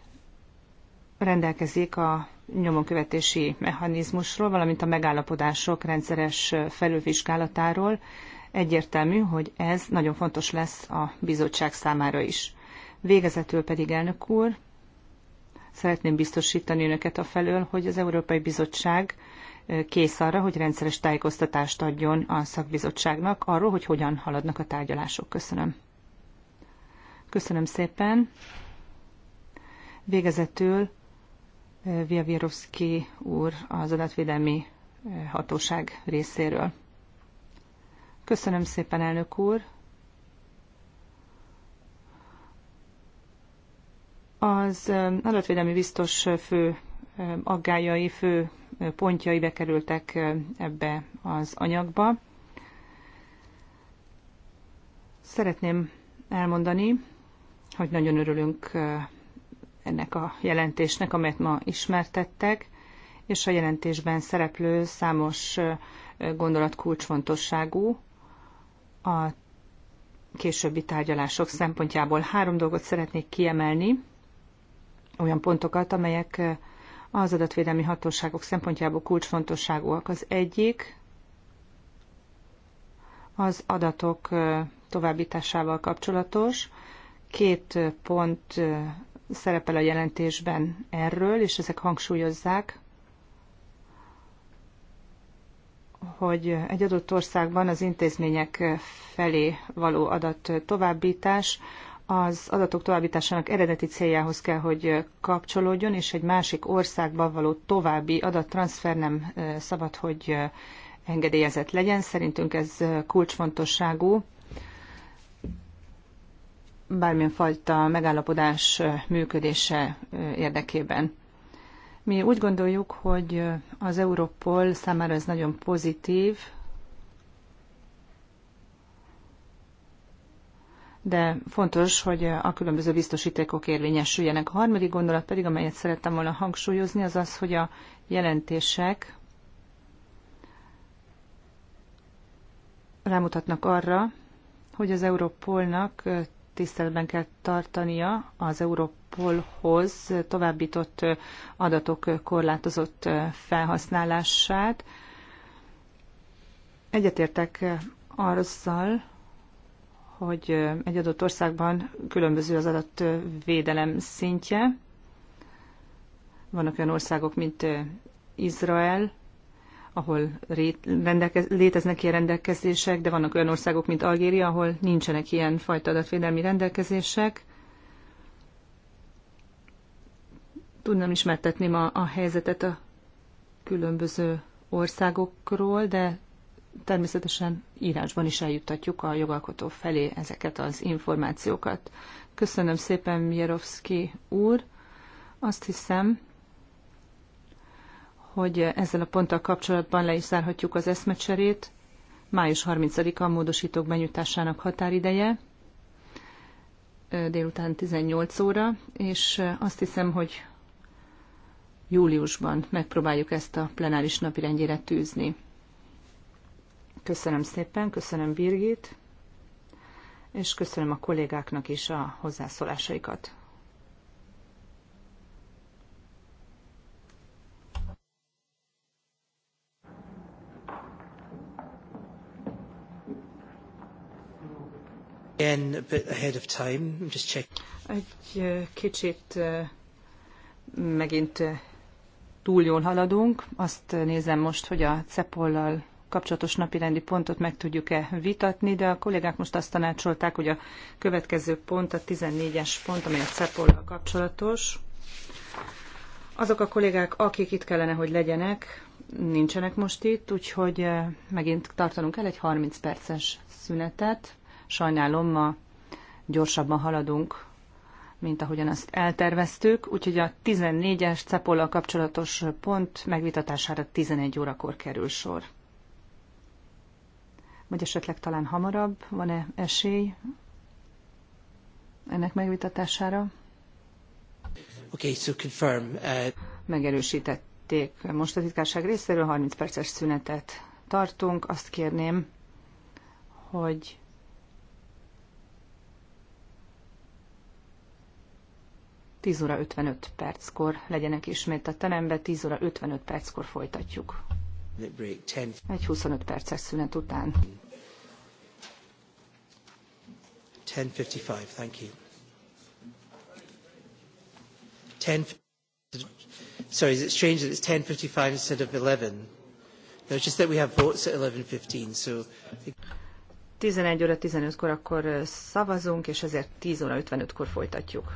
[SPEAKER 2] rendelkezik a nyomonkövetési mechanizmusról, valamint a megállapodások rendszeres felülvizsgálatáról. Egyértelmű, hogy ez nagyon fontos lesz a bizottság számára is. Végezetül pedig, elnök úr, Szeretném biztosítani önöket a felől, hogy az Európai Bizottság kész arra, hogy rendszeres tájékoztatást adjon a szakbizottságnak arról, hogy hogyan haladnak a tárgyalások. Köszönöm. Köszönöm szépen. Végezetül Viavirovszki úr az adatvédelmi hatóság részéről. Köszönöm szépen, elnök úr. Az adatvédelmi biztos fő aggájai, fő pontjai bekerültek ebbe az anyagba. Szeretném elmondani, hogy nagyon örülünk ennek a jelentésnek, amelyet ma ismertettek, és a jelentésben szereplő számos gondolat kulcsfontosságú a későbbi tárgyalások szempontjából. Három dolgot szeretnék kiemelni olyan pontokat, amelyek az adatvédelmi hatóságok szempontjából kulcsfontosságúak. Az egyik az adatok továbbításával kapcsolatos. Két pont szerepel a jelentésben erről, és ezek hangsúlyozzák, hogy egy adott országban az intézmények felé való adat továbbítás az adatok továbbításának eredeti céljához kell, hogy kapcsolódjon, és egy másik országba való további adattranszfer nem szabad, hogy engedélyezett legyen. Szerintünk ez kulcsfontosságú. Bármilyen fajta megállapodás működése érdekében. Mi úgy gondoljuk, hogy az Európol számára ez nagyon pozitív, de fontos, hogy a különböző biztosítékok érvényesüljenek. A harmadik gondolat pedig, amelyet szerettem volna hangsúlyozni, az az, hogy a jelentések rámutatnak arra, hogy az Európolnak tiszteletben kell tartania az Europolhoz továbbított adatok korlátozott felhasználását. Egyetértek azzal, hogy egy adott országban különböző az adatvédelem szintje. Vannak olyan országok, mint Izrael, ahol léteznek ilyen rendelkezések, de vannak olyan országok, mint Algéria, ahol nincsenek ilyen fajta adatvédelmi rendelkezések. Tudnám ismertetném a, a helyzetet a különböző országokról, de természetesen írásban is eljuttatjuk a jogalkotó felé ezeket az információkat. Köszönöm szépen, Mierovszki úr. Azt hiszem, hogy ezzel a ponttal kapcsolatban le is zárhatjuk az eszmecserét. Május 30-a a módosítók benyújtásának határideje, délután 18 óra, és azt hiszem, hogy júliusban megpróbáljuk ezt a plenáris napirendjére tűzni. Köszönöm szépen, köszönöm Birgit, és köszönöm a kollégáknak is a hozzászólásaikat.
[SPEAKER 1] Again, a bit ahead of time. I'm just checking.
[SPEAKER 2] Egy kicsit megint túl jól haladunk. Azt nézem most, hogy a cepollal kapcsolatos napirendi pontot meg tudjuk-e vitatni, de a kollégák most azt tanácsolták, hogy a következő pont a 14-es pont, amely a cepol kapcsolatos. Azok a kollégák, akik itt kellene, hogy legyenek, nincsenek most itt, úgyhogy eh, megint tartanunk el egy 30 perces szünetet. Sajnálom, ma gyorsabban haladunk, mint ahogyan azt elterveztük, úgyhogy a 14-es cepollal kapcsolatos pont megvitatására 11 órakor kerül sor vagy esetleg talán hamarabb? Van-e esély ennek megvitatására? Okay, so confirm, uh... Megerősítették. Most a titkárság részéről 30 perces szünetet tartunk. Azt kérném, hogy Tíz óra 55 perckor legyenek ismét a terembe, 10 óra 55 perckor folytatjuk. Egy 25 perces szünet után.
[SPEAKER 1] 10.55, thank you. 10, sorry, is it strange that it's 10.55 instead of 11? No, it's just that we have votes at 11.15, so...
[SPEAKER 2] 11 óra 15-kor akkor szavazunk, és ezért 10 óra 55-kor folytatjuk.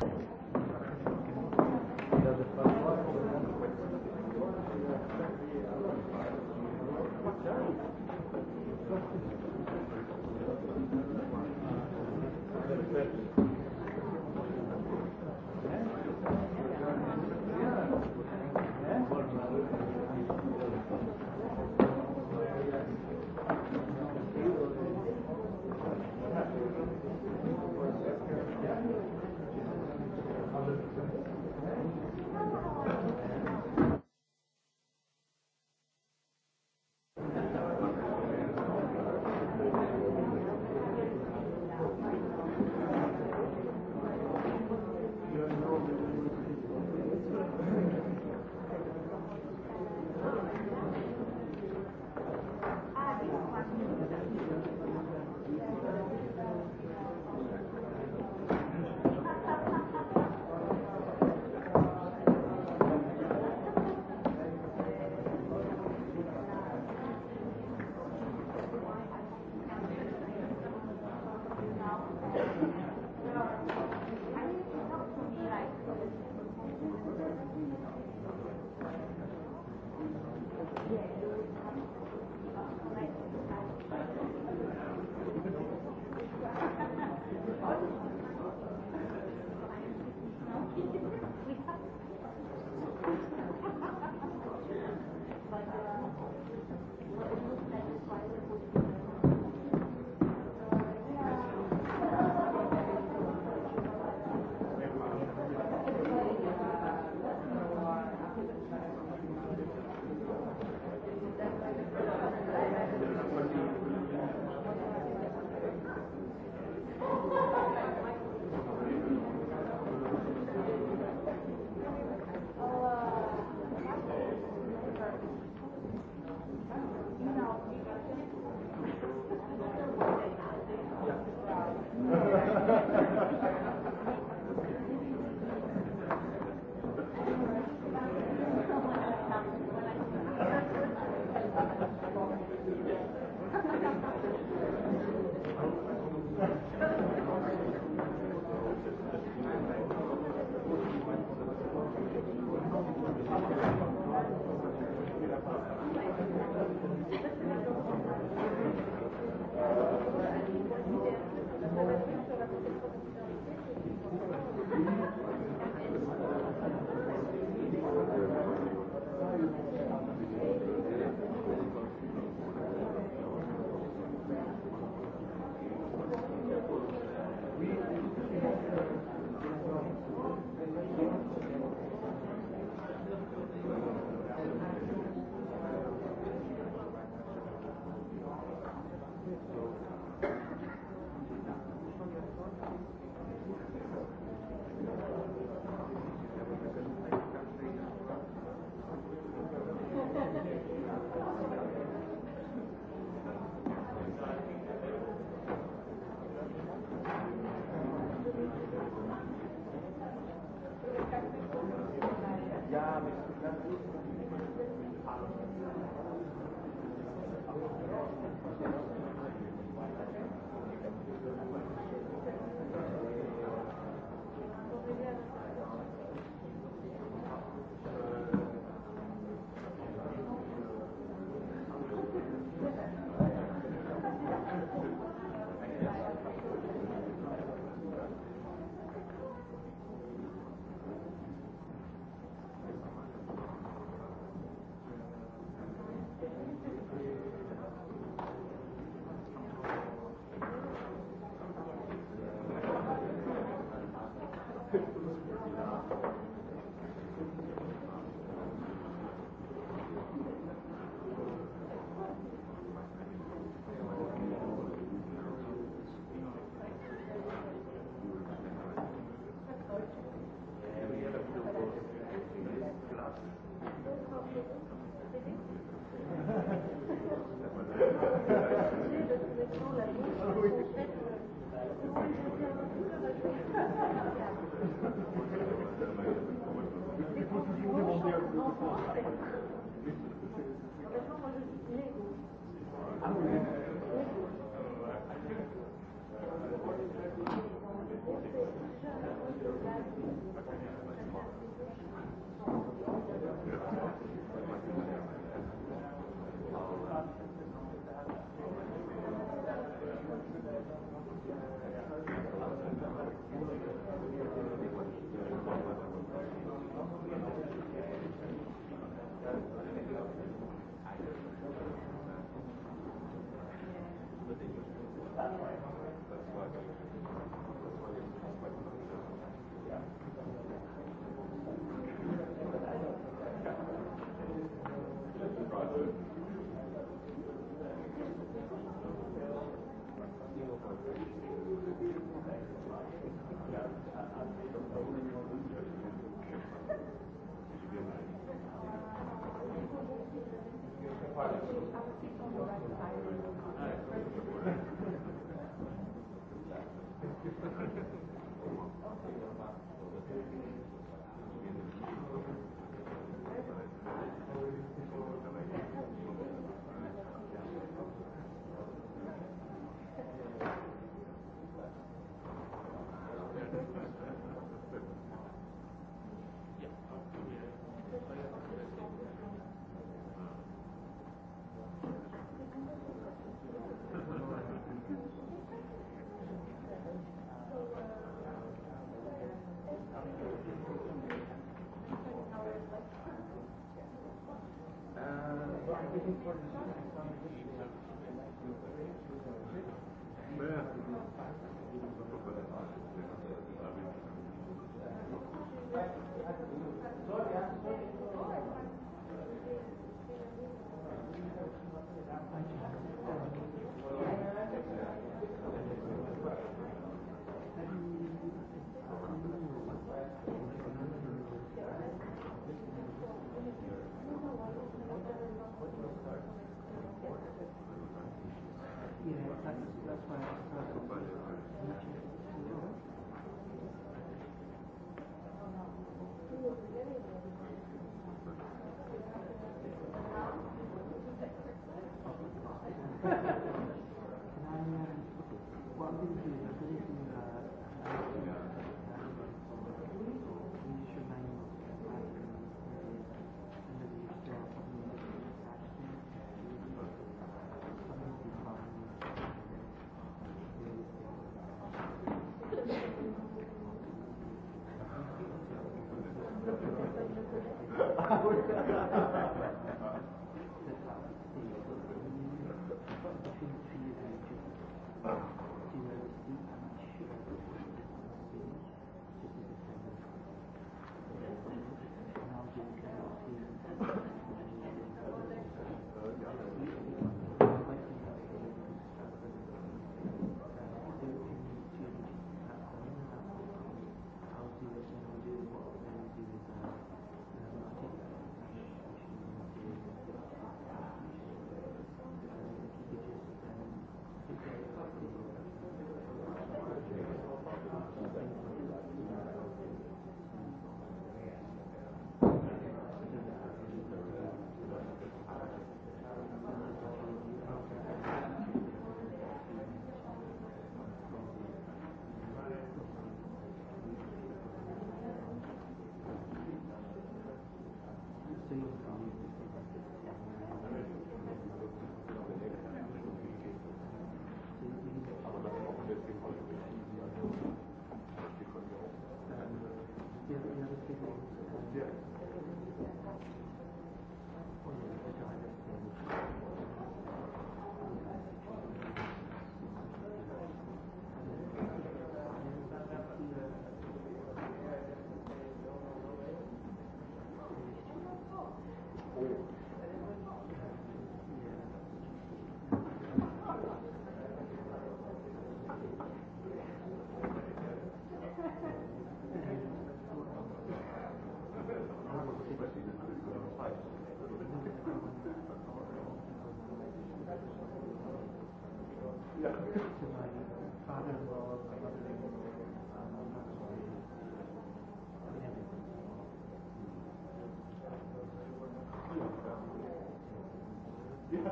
[SPEAKER 1] Be.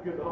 [SPEAKER 1] كده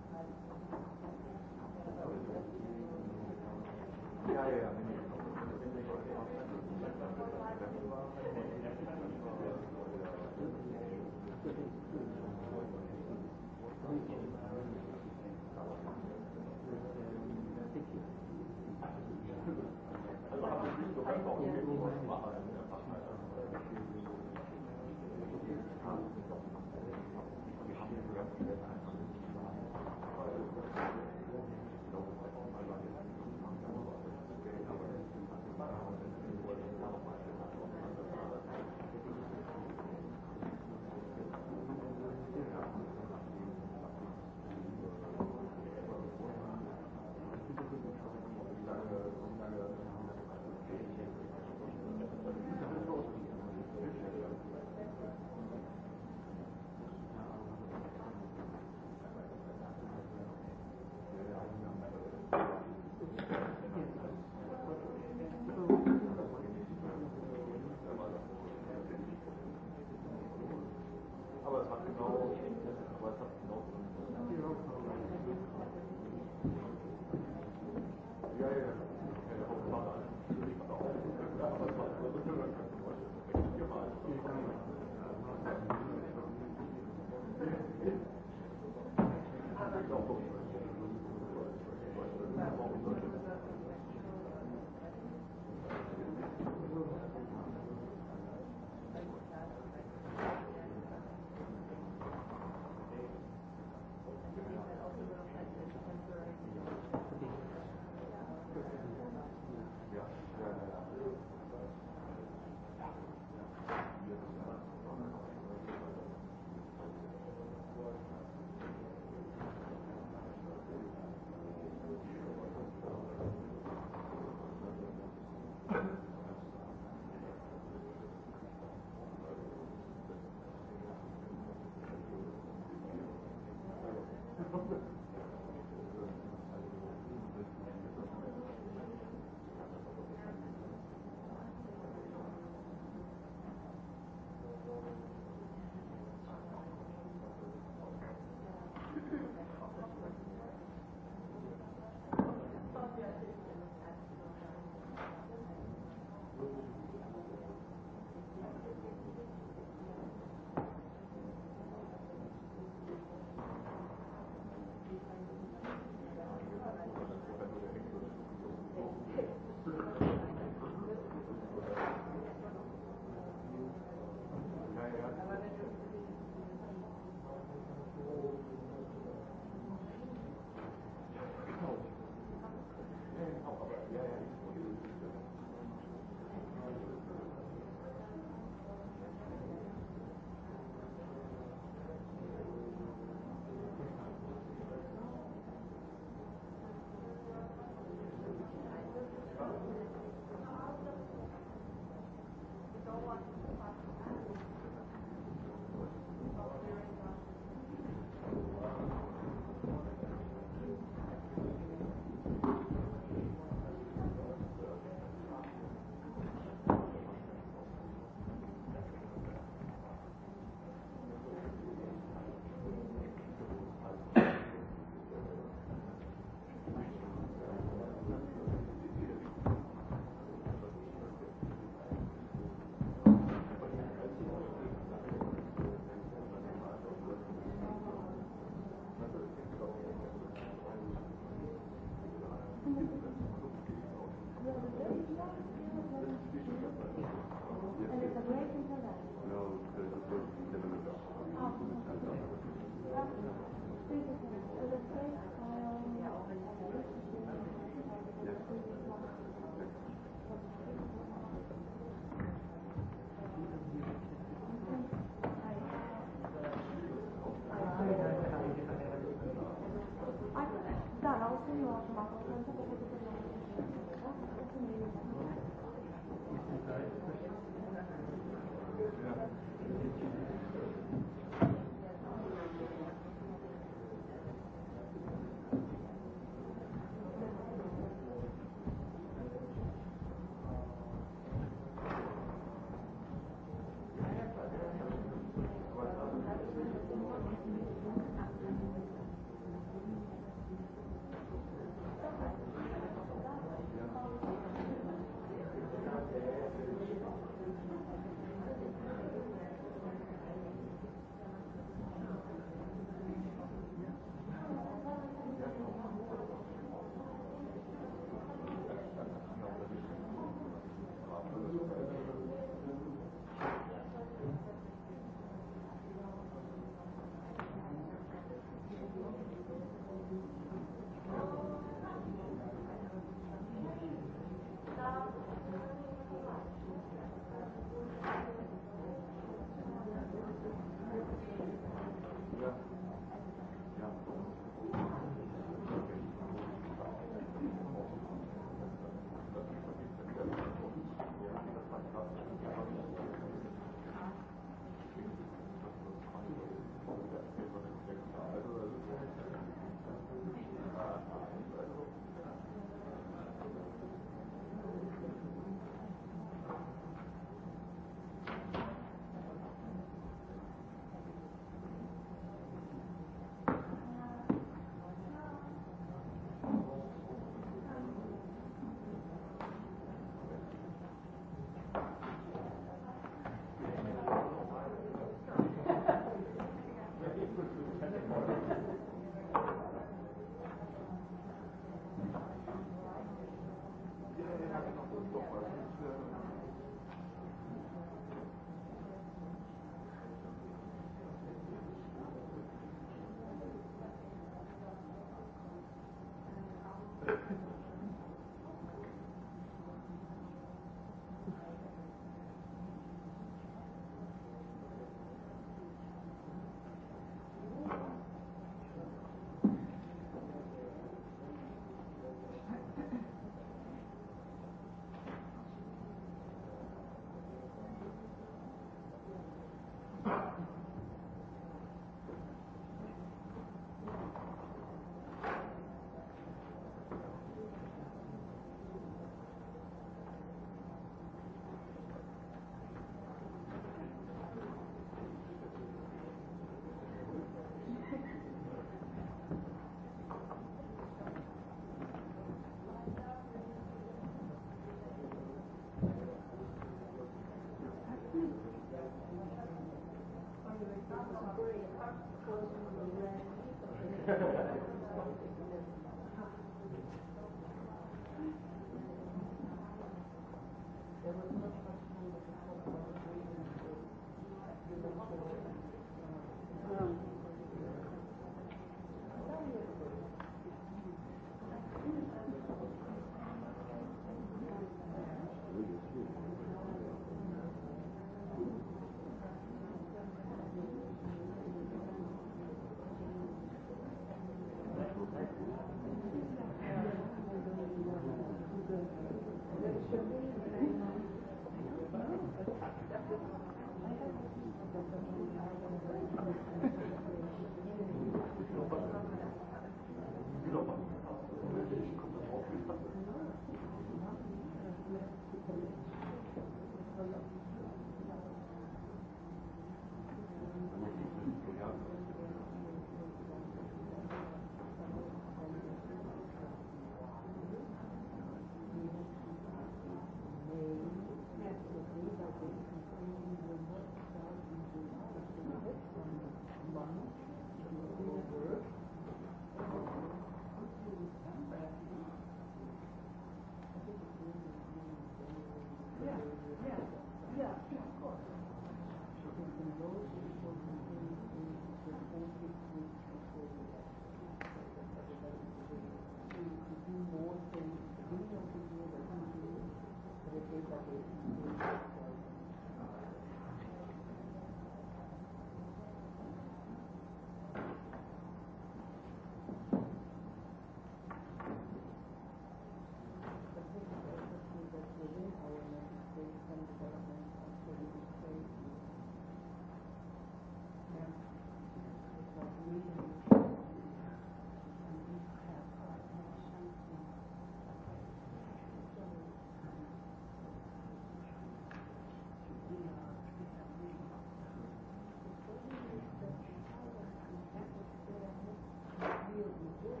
[SPEAKER 1] Thank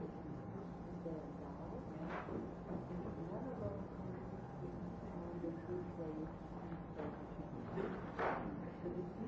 [SPEAKER 1] you.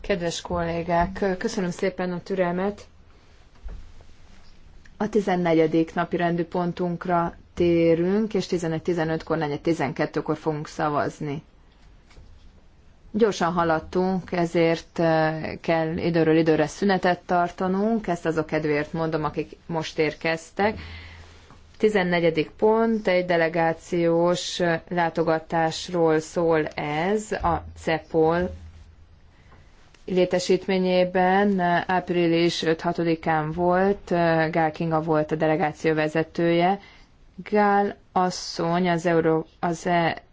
[SPEAKER 3] Kedves kollégák, köszönöm szépen a türelmet. A 14. napi rendű pontunkra térünk, és 11-15-kor, 4-12-kor fogunk szavazni. Gyorsan haladtunk, ezért eh, kell időről időre szünetet tartanunk, ezt azok kedvéért mondom, akik most érkeztek. 14. pont, egy delegációs eh, látogatásról szól ez, a CEPOL létesítményében április 5-6-án volt, eh, Gál Kinga volt a delegáció vezetője. Gál asszony az, Euró, az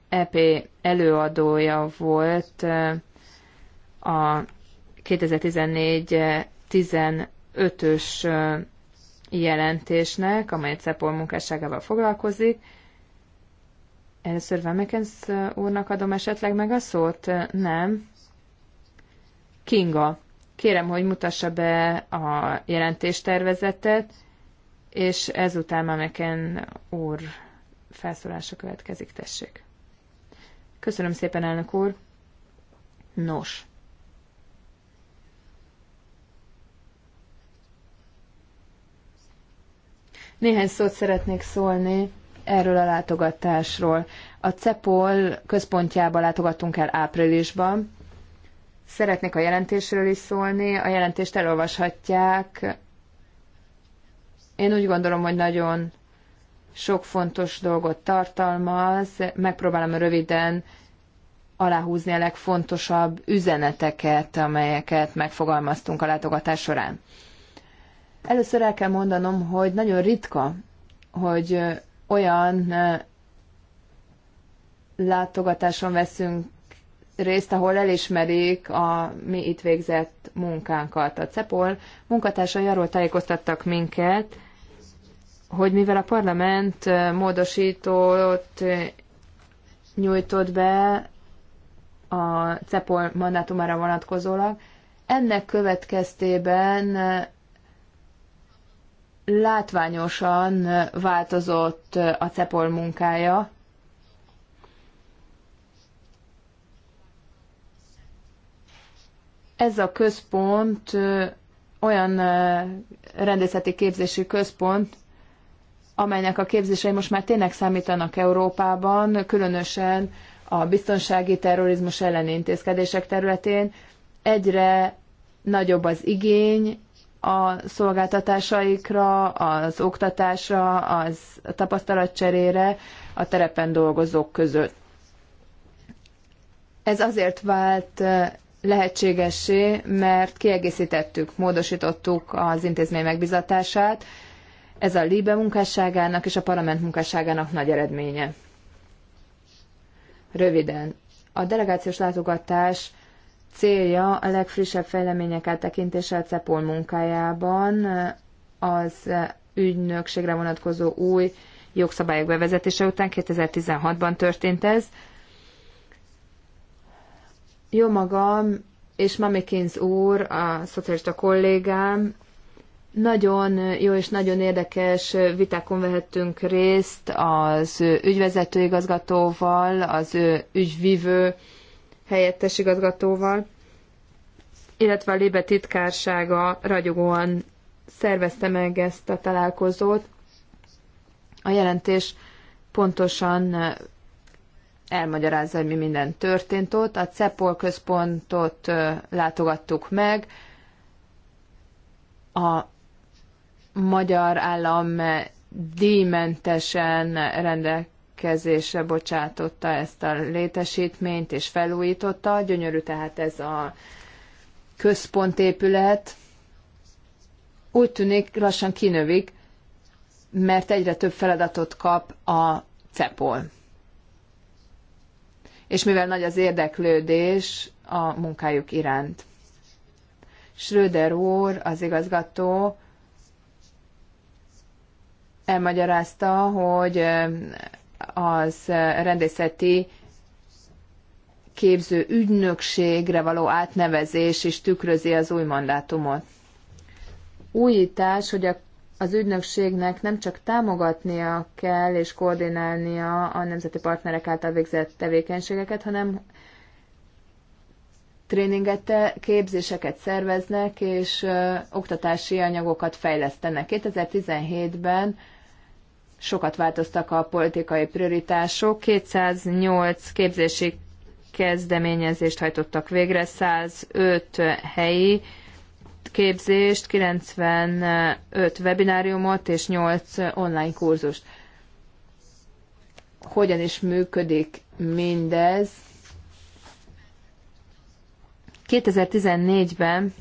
[SPEAKER 3] EP e előadója volt eh, a 2014-15-ös eh, jelentésnek, amely CEPOL munkásságával foglalkozik. Először Vemekens úrnak adom esetleg meg a szót? Nem. Kinga, kérem, hogy mutassa be a jelentéstervezetet, és ezután Mameken úr felszólása következik, tessék. Köszönöm szépen, elnök úr. Nos. Néhány szót szeretnék szólni erről a látogatásról. A CEPOL központjába látogattunk el áprilisban, Szeretnék a jelentésről is szólni. A jelentést elolvashatják. Én úgy gondolom, hogy nagyon sok fontos dolgot tartalmaz. Megpróbálom röviden aláhúzni a legfontosabb üzeneteket, amelyeket megfogalmaztunk a látogatás során. Először el kell mondanom, hogy nagyon ritka, hogy olyan látogatáson veszünk részt, ahol elismerik a mi itt végzett munkánkat. A CEPOL munkatársai arról tájékoztattak minket, hogy mivel a parlament módosítót nyújtott be a CEPOL mandátumára vonatkozólag, ennek következtében látványosan változott a CEPOL munkája, Ez a központ olyan rendészeti képzési központ, amelynek a képzései most már tényleg számítanak Európában, különösen a biztonsági terrorizmus elleni intézkedések területén. Egyre nagyobb az igény a szolgáltatásaikra, az oktatásra, az tapasztalatcserére a terepen
[SPEAKER 4] dolgozók között.
[SPEAKER 3] Ez azért vált lehetségessé, mert kiegészítettük, módosítottuk az intézmény megbizatását. Ez a LIBE munkásságának és a parlament munkásságának nagy eredménye. Röviden. A delegációs látogatás célja a legfrissebb fejlemények áttekintése a CEPOL munkájában, az ügynökségre vonatkozó új jogszabályok bevezetése után 2016-ban történt ez. Jó magam, és Mamikins úr, a szocialista kollégám, nagyon jó és nagyon érdekes vitákon vehettünk részt az ügyvezető igazgatóval, az ügyvívő helyettes igazgatóval, illetve a Lébe titkársága ragyogóan szervezte meg ezt a találkozót. A jelentés pontosan elmagyarázza, hogy mi minden történt ott. A CEPOL központot látogattuk meg, a magyar állam díjmentesen rendelkezésre bocsátotta ezt a létesítményt, és felújította. Gyönyörű tehát ez a központépület. Úgy tűnik, lassan kinövik, mert egyre több feladatot kap a CEPOL és mivel nagy az érdeklődés a munkájuk iránt. Schröder úr, az igazgató, elmagyarázta, hogy az rendészeti képző ügynökségre való átnevezés is tükrözi az új mandátumot. Újítás, hogy a az ügynökségnek nem csak támogatnia kell és koordinálnia a nemzeti partnerek által végzett tevékenységeket, hanem tréninget, képzéseket szerveznek, és oktatási anyagokat fejlesztenek. 2017-ben sokat változtak a politikai prioritások, 208 képzési kezdeményezést hajtottak végre, 105 helyi, képzést, 95 webináriumot és 8 online kurzust. Hogyan is működik mindez? 2014-ben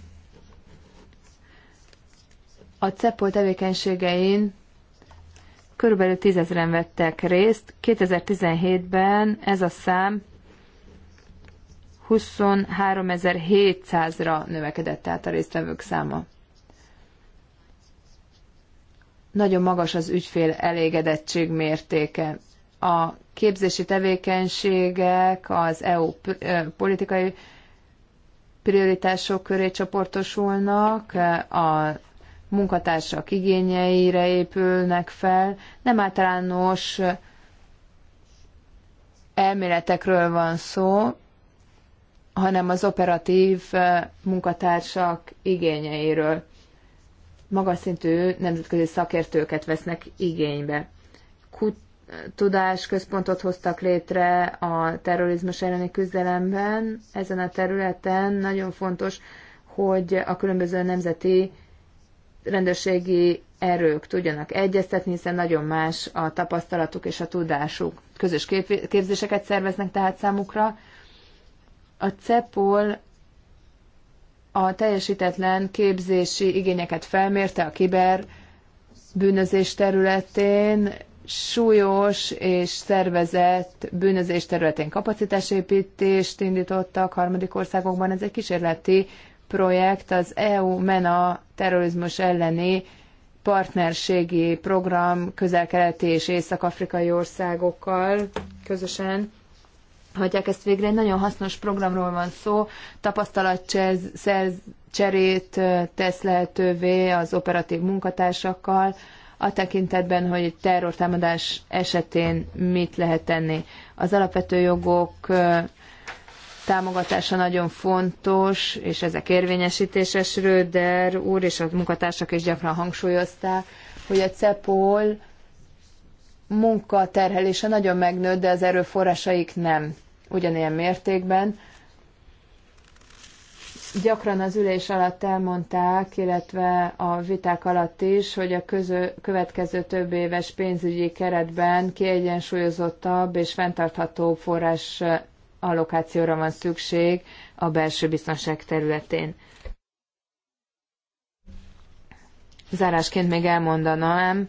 [SPEAKER 3] a CEPOL tevékenységein körülbelül tízezeren vettek részt, 2017-ben ez a szám 23.700-ra növekedett tehát a résztvevők száma. Nagyon magas az ügyfél elégedettség mértéke. A képzési tevékenységek az EU politikai prioritások köré csoportosulnak, a munkatársak igényeire épülnek fel, nem általános elméletekről van szó, hanem az operatív munkatársak igényeiről. Magas szintű nemzetközi szakértőket vesznek igénybe. tudás központot hoztak létre a terrorizmus elleni küzdelemben. Ezen a területen nagyon fontos, hogy a különböző nemzeti rendőrségi erők tudjanak egyeztetni, hiszen nagyon más a tapasztalatuk és a tudásuk. Közös képzéseket szerveznek tehát számukra, a CEPOL a teljesítetlen képzési igényeket felmérte a kiber bűnözés területén, súlyos és szervezett bűnözés területén kapacitásépítést indítottak harmadik országokban. Ez egy kísérleti projekt az EU-MENA terrorizmus elleni partnerségi program közel-keleti és észak-afrikai országokkal közösen hagyják ezt végre. Egy nagyon hasznos programról van szó, Tapasztalat, cserét tesz lehetővé az operatív munkatársakkal, a tekintetben, hogy egy terrortámadás esetén mit lehet tenni. Az alapvető jogok támogatása nagyon fontos, és ezek érvényesítése Röder úr és a munkatársak is gyakran hangsúlyozták, hogy a CEPOL munkaterhelése nagyon megnőtt, de az erőforrásaik nem ugyanilyen mértékben. Gyakran az ülés alatt elmondták, illetve a viták alatt is, hogy a közö, következő több éves pénzügyi keretben kiegyensúlyozottabb és fenntartható forrás allokációra van szükség a belső biztonság területén. Zárásként még elmondanám,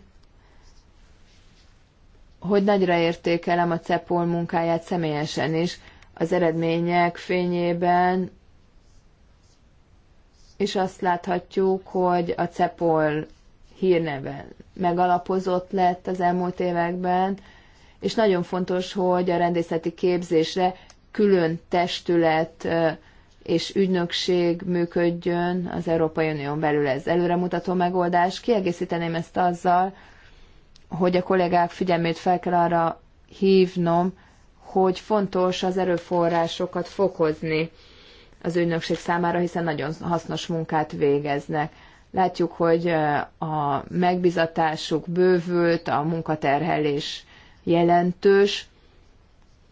[SPEAKER 3] hogy nagyra értékelem a CEPOL munkáját személyesen is, az eredmények fényében, és azt láthatjuk, hogy a CEPOL hírneven megalapozott lett az elmúlt években, és nagyon fontos, hogy a rendészeti képzésre külön testület és ügynökség működjön az Európai Unión belül. Ez előremutató megoldás. Kiegészíteném ezt azzal, hogy a kollégák figyelmét fel kell arra hívnom, hogy fontos az erőforrásokat fokozni az ügynökség számára, hiszen nagyon hasznos munkát végeznek. Látjuk, hogy a megbizatásuk bővült, a munkaterhelés jelentős,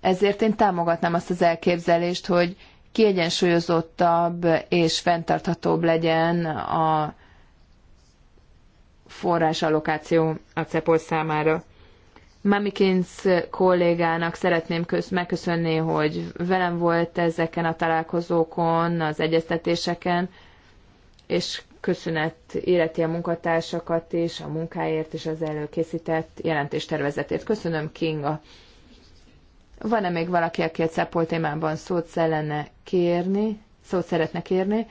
[SPEAKER 3] ezért én támogatnám azt az elképzelést, hogy kiegyensúlyozottabb és fenntarthatóbb legyen a forrásallokáció a CEPOL számára. Mamikins kollégának szeretném köz, megköszönni, hogy velem volt ezeken a találkozókon, az egyeztetéseken, és köszönet életi a munkatársakat is, a munkáért és az előkészített tervezetét. Köszönöm, Kinga. Van-e még valaki, aki a CEPOL témában szót szeretne kérni? Szót szeretne kérni?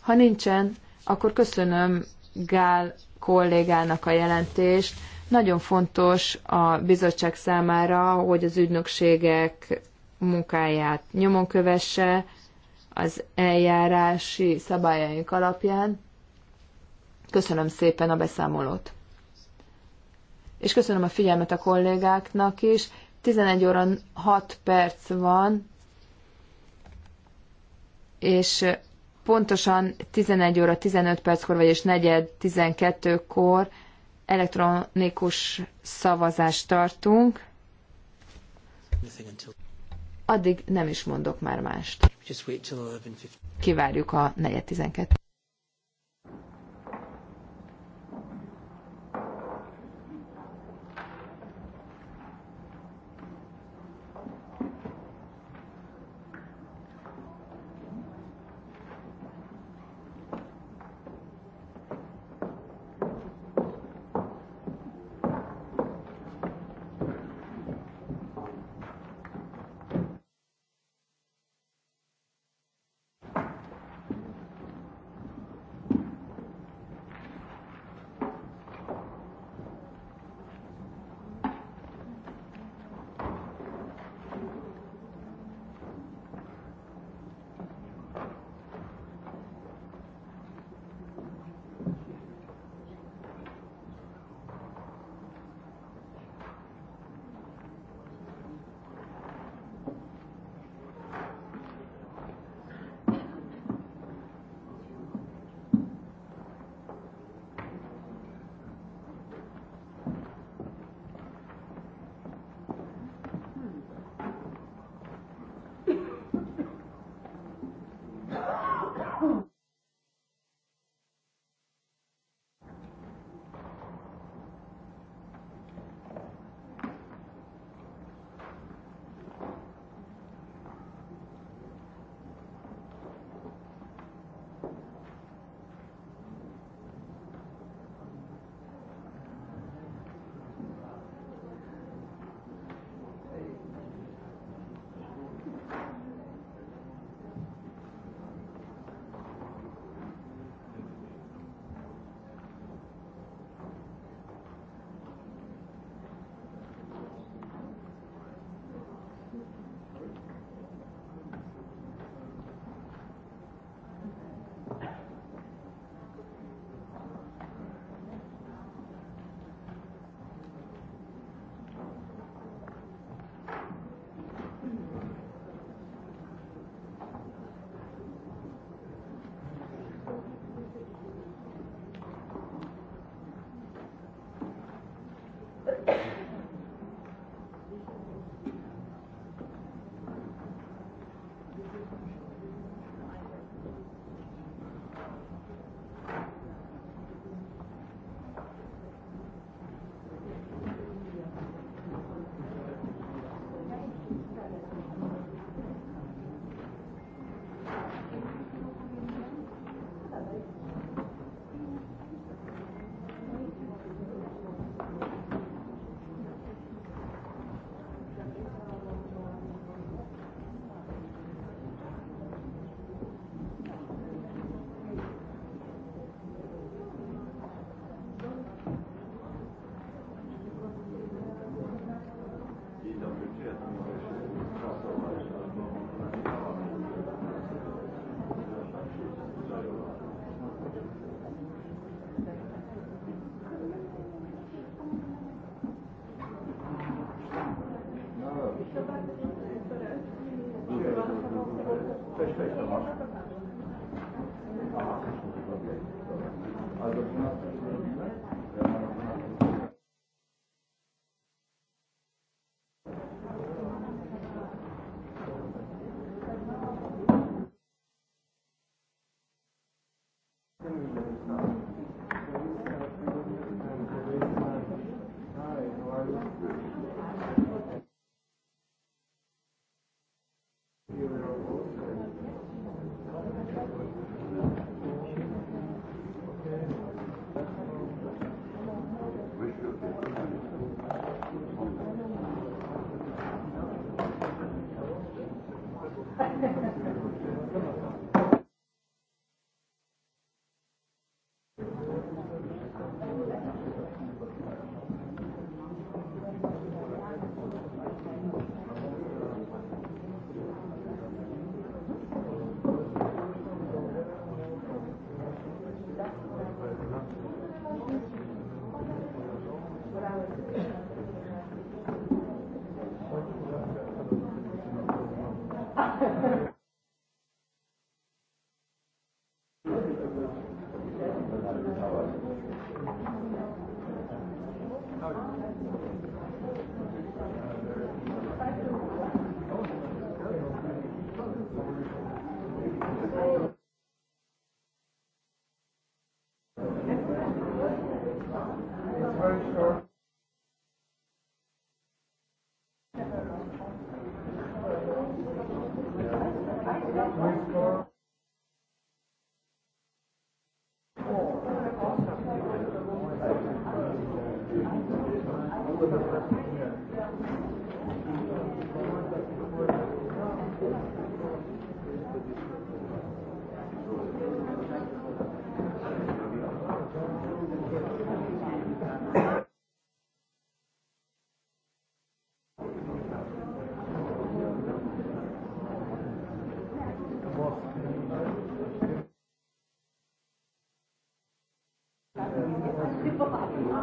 [SPEAKER 3] Ha nincsen, akkor köszönöm Gál kollégának a jelentést. Nagyon fontos a bizottság számára, hogy az ügynökségek munkáját nyomon kövesse az eljárási szabályaink alapján. Köszönöm szépen a beszámolót. És köszönöm a figyelmet a kollégáknak is. 11 óra 6 perc van, és pontosan 11 óra 15 perckor, vagyis negyed 12-kor elektronikus szavazást tartunk. Addig nem is mondok már mást. Kivárjuk a negyed 12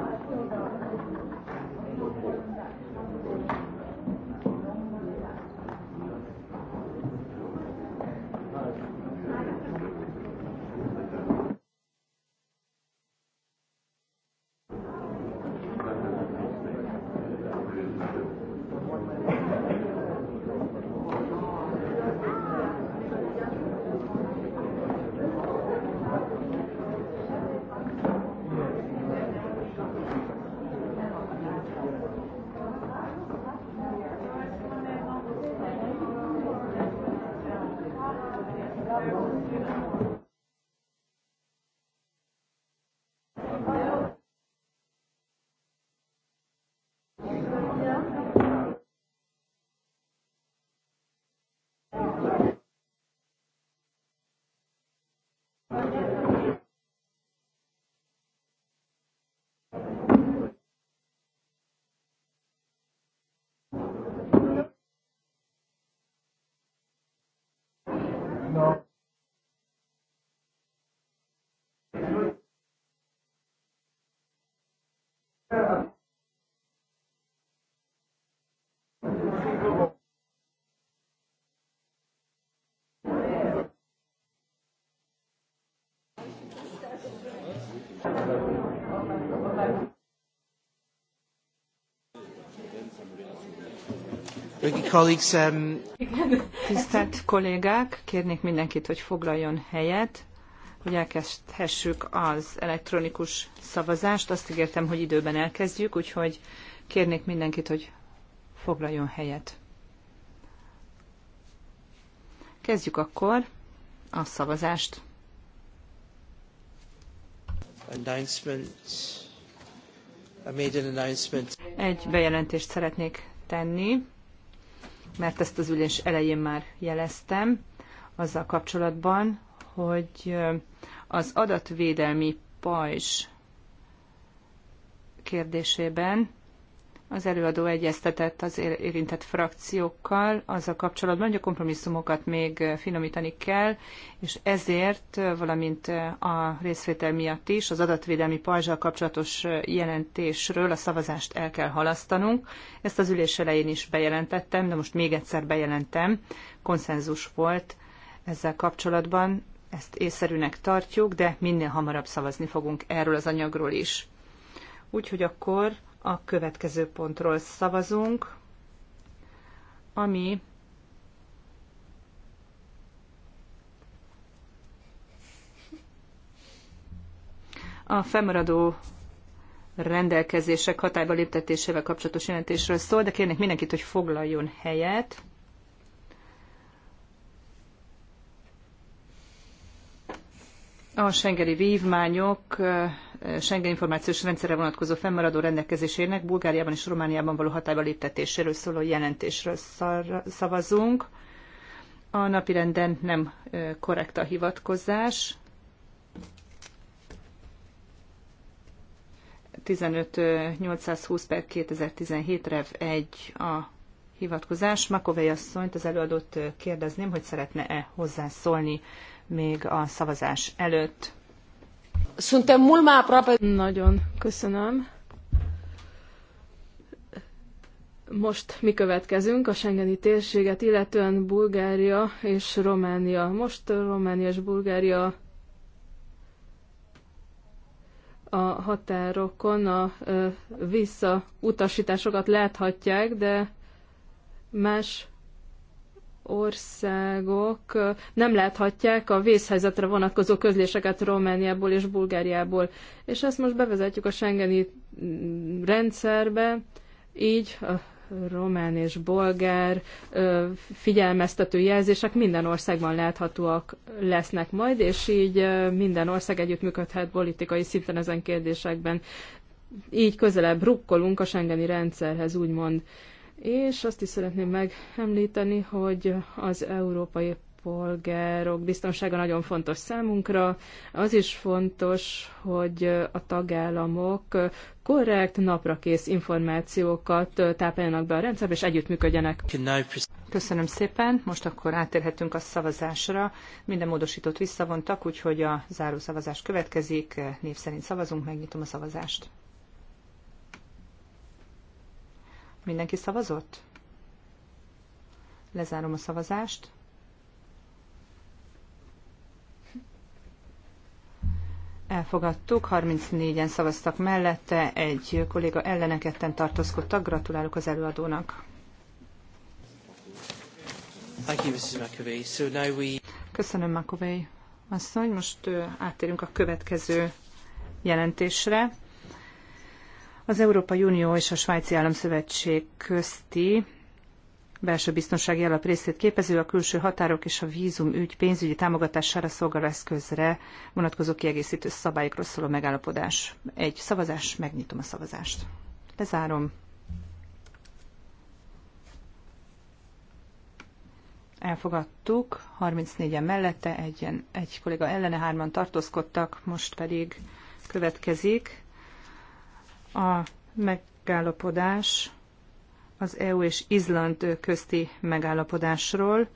[SPEAKER 1] Köszönöm. No. Um,
[SPEAKER 2] Tisztelt kollégák, kérnék mindenkit, hogy foglaljon helyet, hogy elkezdhessük az elektronikus szavazást. Azt ígértem, hogy időben elkezdjük, úgyhogy kérnék mindenkit, hogy foglaljon helyet. Kezdjük akkor a szavazást.
[SPEAKER 1] I
[SPEAKER 4] made an announcement.
[SPEAKER 2] Egy bejelentést szeretnék tenni, mert ezt az ülés elején már jeleztem, azzal kapcsolatban, hogy az adatvédelmi pajzs kérdésében az előadó egyeztetett az érintett frakciókkal azzal kapcsolatban, hogy a kompromisszumokat még finomítani kell, és ezért, valamint a részvétel miatt is az adatvédelmi pajzsal kapcsolatos jelentésről a szavazást el kell halasztanunk. Ezt az ülés elején is bejelentettem, de most még egyszer bejelentem. Konszenzus volt ezzel kapcsolatban, ezt észszerűnek tartjuk, de minél hamarabb szavazni fogunk erről az anyagról is. Úgyhogy akkor a következő pontról szavazunk, ami a fennmaradó rendelkezések hatályba léptetésével kapcsolatos jelentésről szól, de kérnék mindenkit, hogy foglaljon helyet. A Schengeni vívmányok Schengen információs rendszerre vonatkozó fennmaradó rendelkezésének Bulgáriában és Romániában való hatályba léptetéséről szóló jelentésről szavazunk. A napirenden nem korrekt a hivatkozás. 15.820 per 2017 rev 1 a hivatkozás. Makovei asszonyt, az előadót kérdezném, hogy szeretne-e hozzászólni még a
[SPEAKER 4] szavazás előtt. Suntem mult mai aproape. Nagyon köszönöm. Most mi következünk a Schengeni térséget, illetően Bulgária és Románia. Most Románia és Bulgária a határokon a visszautasításokat láthatják, de más országok nem láthatják a vészhelyzetre vonatkozó közléseket Romániából és Bulgáriából. És ezt most bevezetjük a Schengeni mm, rendszerbe, így a román és bolgár figyelmeztető jelzések minden országban láthatóak lesznek majd, és így minden ország együttműködhet politikai szinten ezen kérdésekben. Így közelebb rukkolunk a Schengeni rendszerhez, úgymond. És azt is szeretném megemlíteni, hogy az európai polgárok biztonsága nagyon fontos számunkra. Az is fontos, hogy a tagállamok korrekt, naprakész információkat tápláljanak be a rendszerbe, és együttműködjenek.
[SPEAKER 2] Köszönöm szépen. Most akkor átérhetünk a szavazásra. Minden módosítót visszavontak, úgyhogy a záró szavazás következik. Név szerint szavazunk, megnyitom a szavazást. Mindenki szavazott? Lezárom a szavazást. Elfogadtuk, 34-en szavaztak mellette, egy kolléga elleneketten tartózkodtak. Gratulálok az előadónak. Köszönöm, Makovei asszony. Most átérünk a következő jelentésre az Európai Unió és a Svájci Államszövetség közti belső biztonsági alap részét képező a külső határok és a vízum ügy pénzügyi támogatására szolgáló eszközre vonatkozó kiegészítő szabályokról szóló megállapodás. Egy szavazás, megnyitom a szavazást. Lezárom. Elfogadtuk, 34-en mellette, egyen, egy kolléga ellene, hárman tartózkodtak, most pedig következik a megállapodás az EU és Izland közti megállapodásról.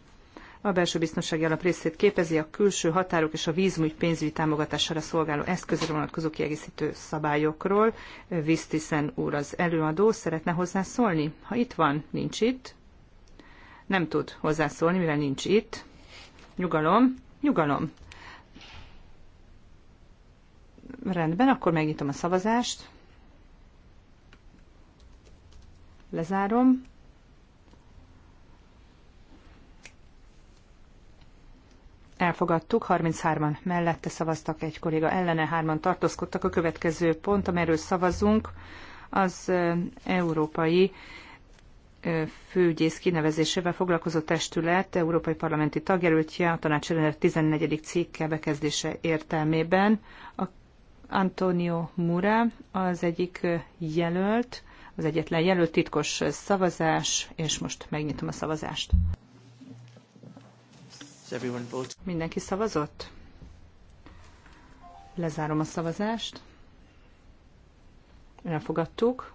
[SPEAKER 2] A belső biztonsági alap részét képezi a külső határok és a vízmügy pénzügyi támogatására szolgáló eszközre vonatkozó kiegészítő szabályokról. Visztisen úr az előadó szeretne hozzászólni? Ha itt van, nincs itt. Nem tud hozzászólni, mivel nincs itt. Nyugalom, nyugalom. Rendben, akkor megnyitom a szavazást. Lezárom. Elfogadtuk, 33-an mellette szavaztak, egy kolléga ellene, hárman tartózkodtak. A következő pont, amiről szavazunk, az európai főügyész kinevezésével foglalkozó testület európai parlamenti tagjelöltje a tanács 14. cikke bekezdése értelmében. A Antonio Mura az egyik jelölt, az egyetlen jelölt titkos szavazás, és most megnyitom a szavazást. Mindenki szavazott? Lezárom a szavazást. Elfogadtuk.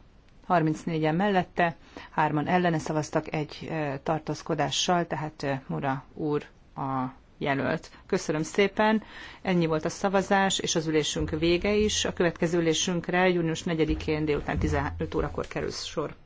[SPEAKER 2] 34-en mellette, hárman ellene szavaztak egy eh, tartózkodással, tehát eh, Mura úr a jelölt. Köszönöm szépen, ennyi volt a szavazás, és az ülésünk vége is. A következő ülésünkre június 4-én délután 15 órakor kerül sor.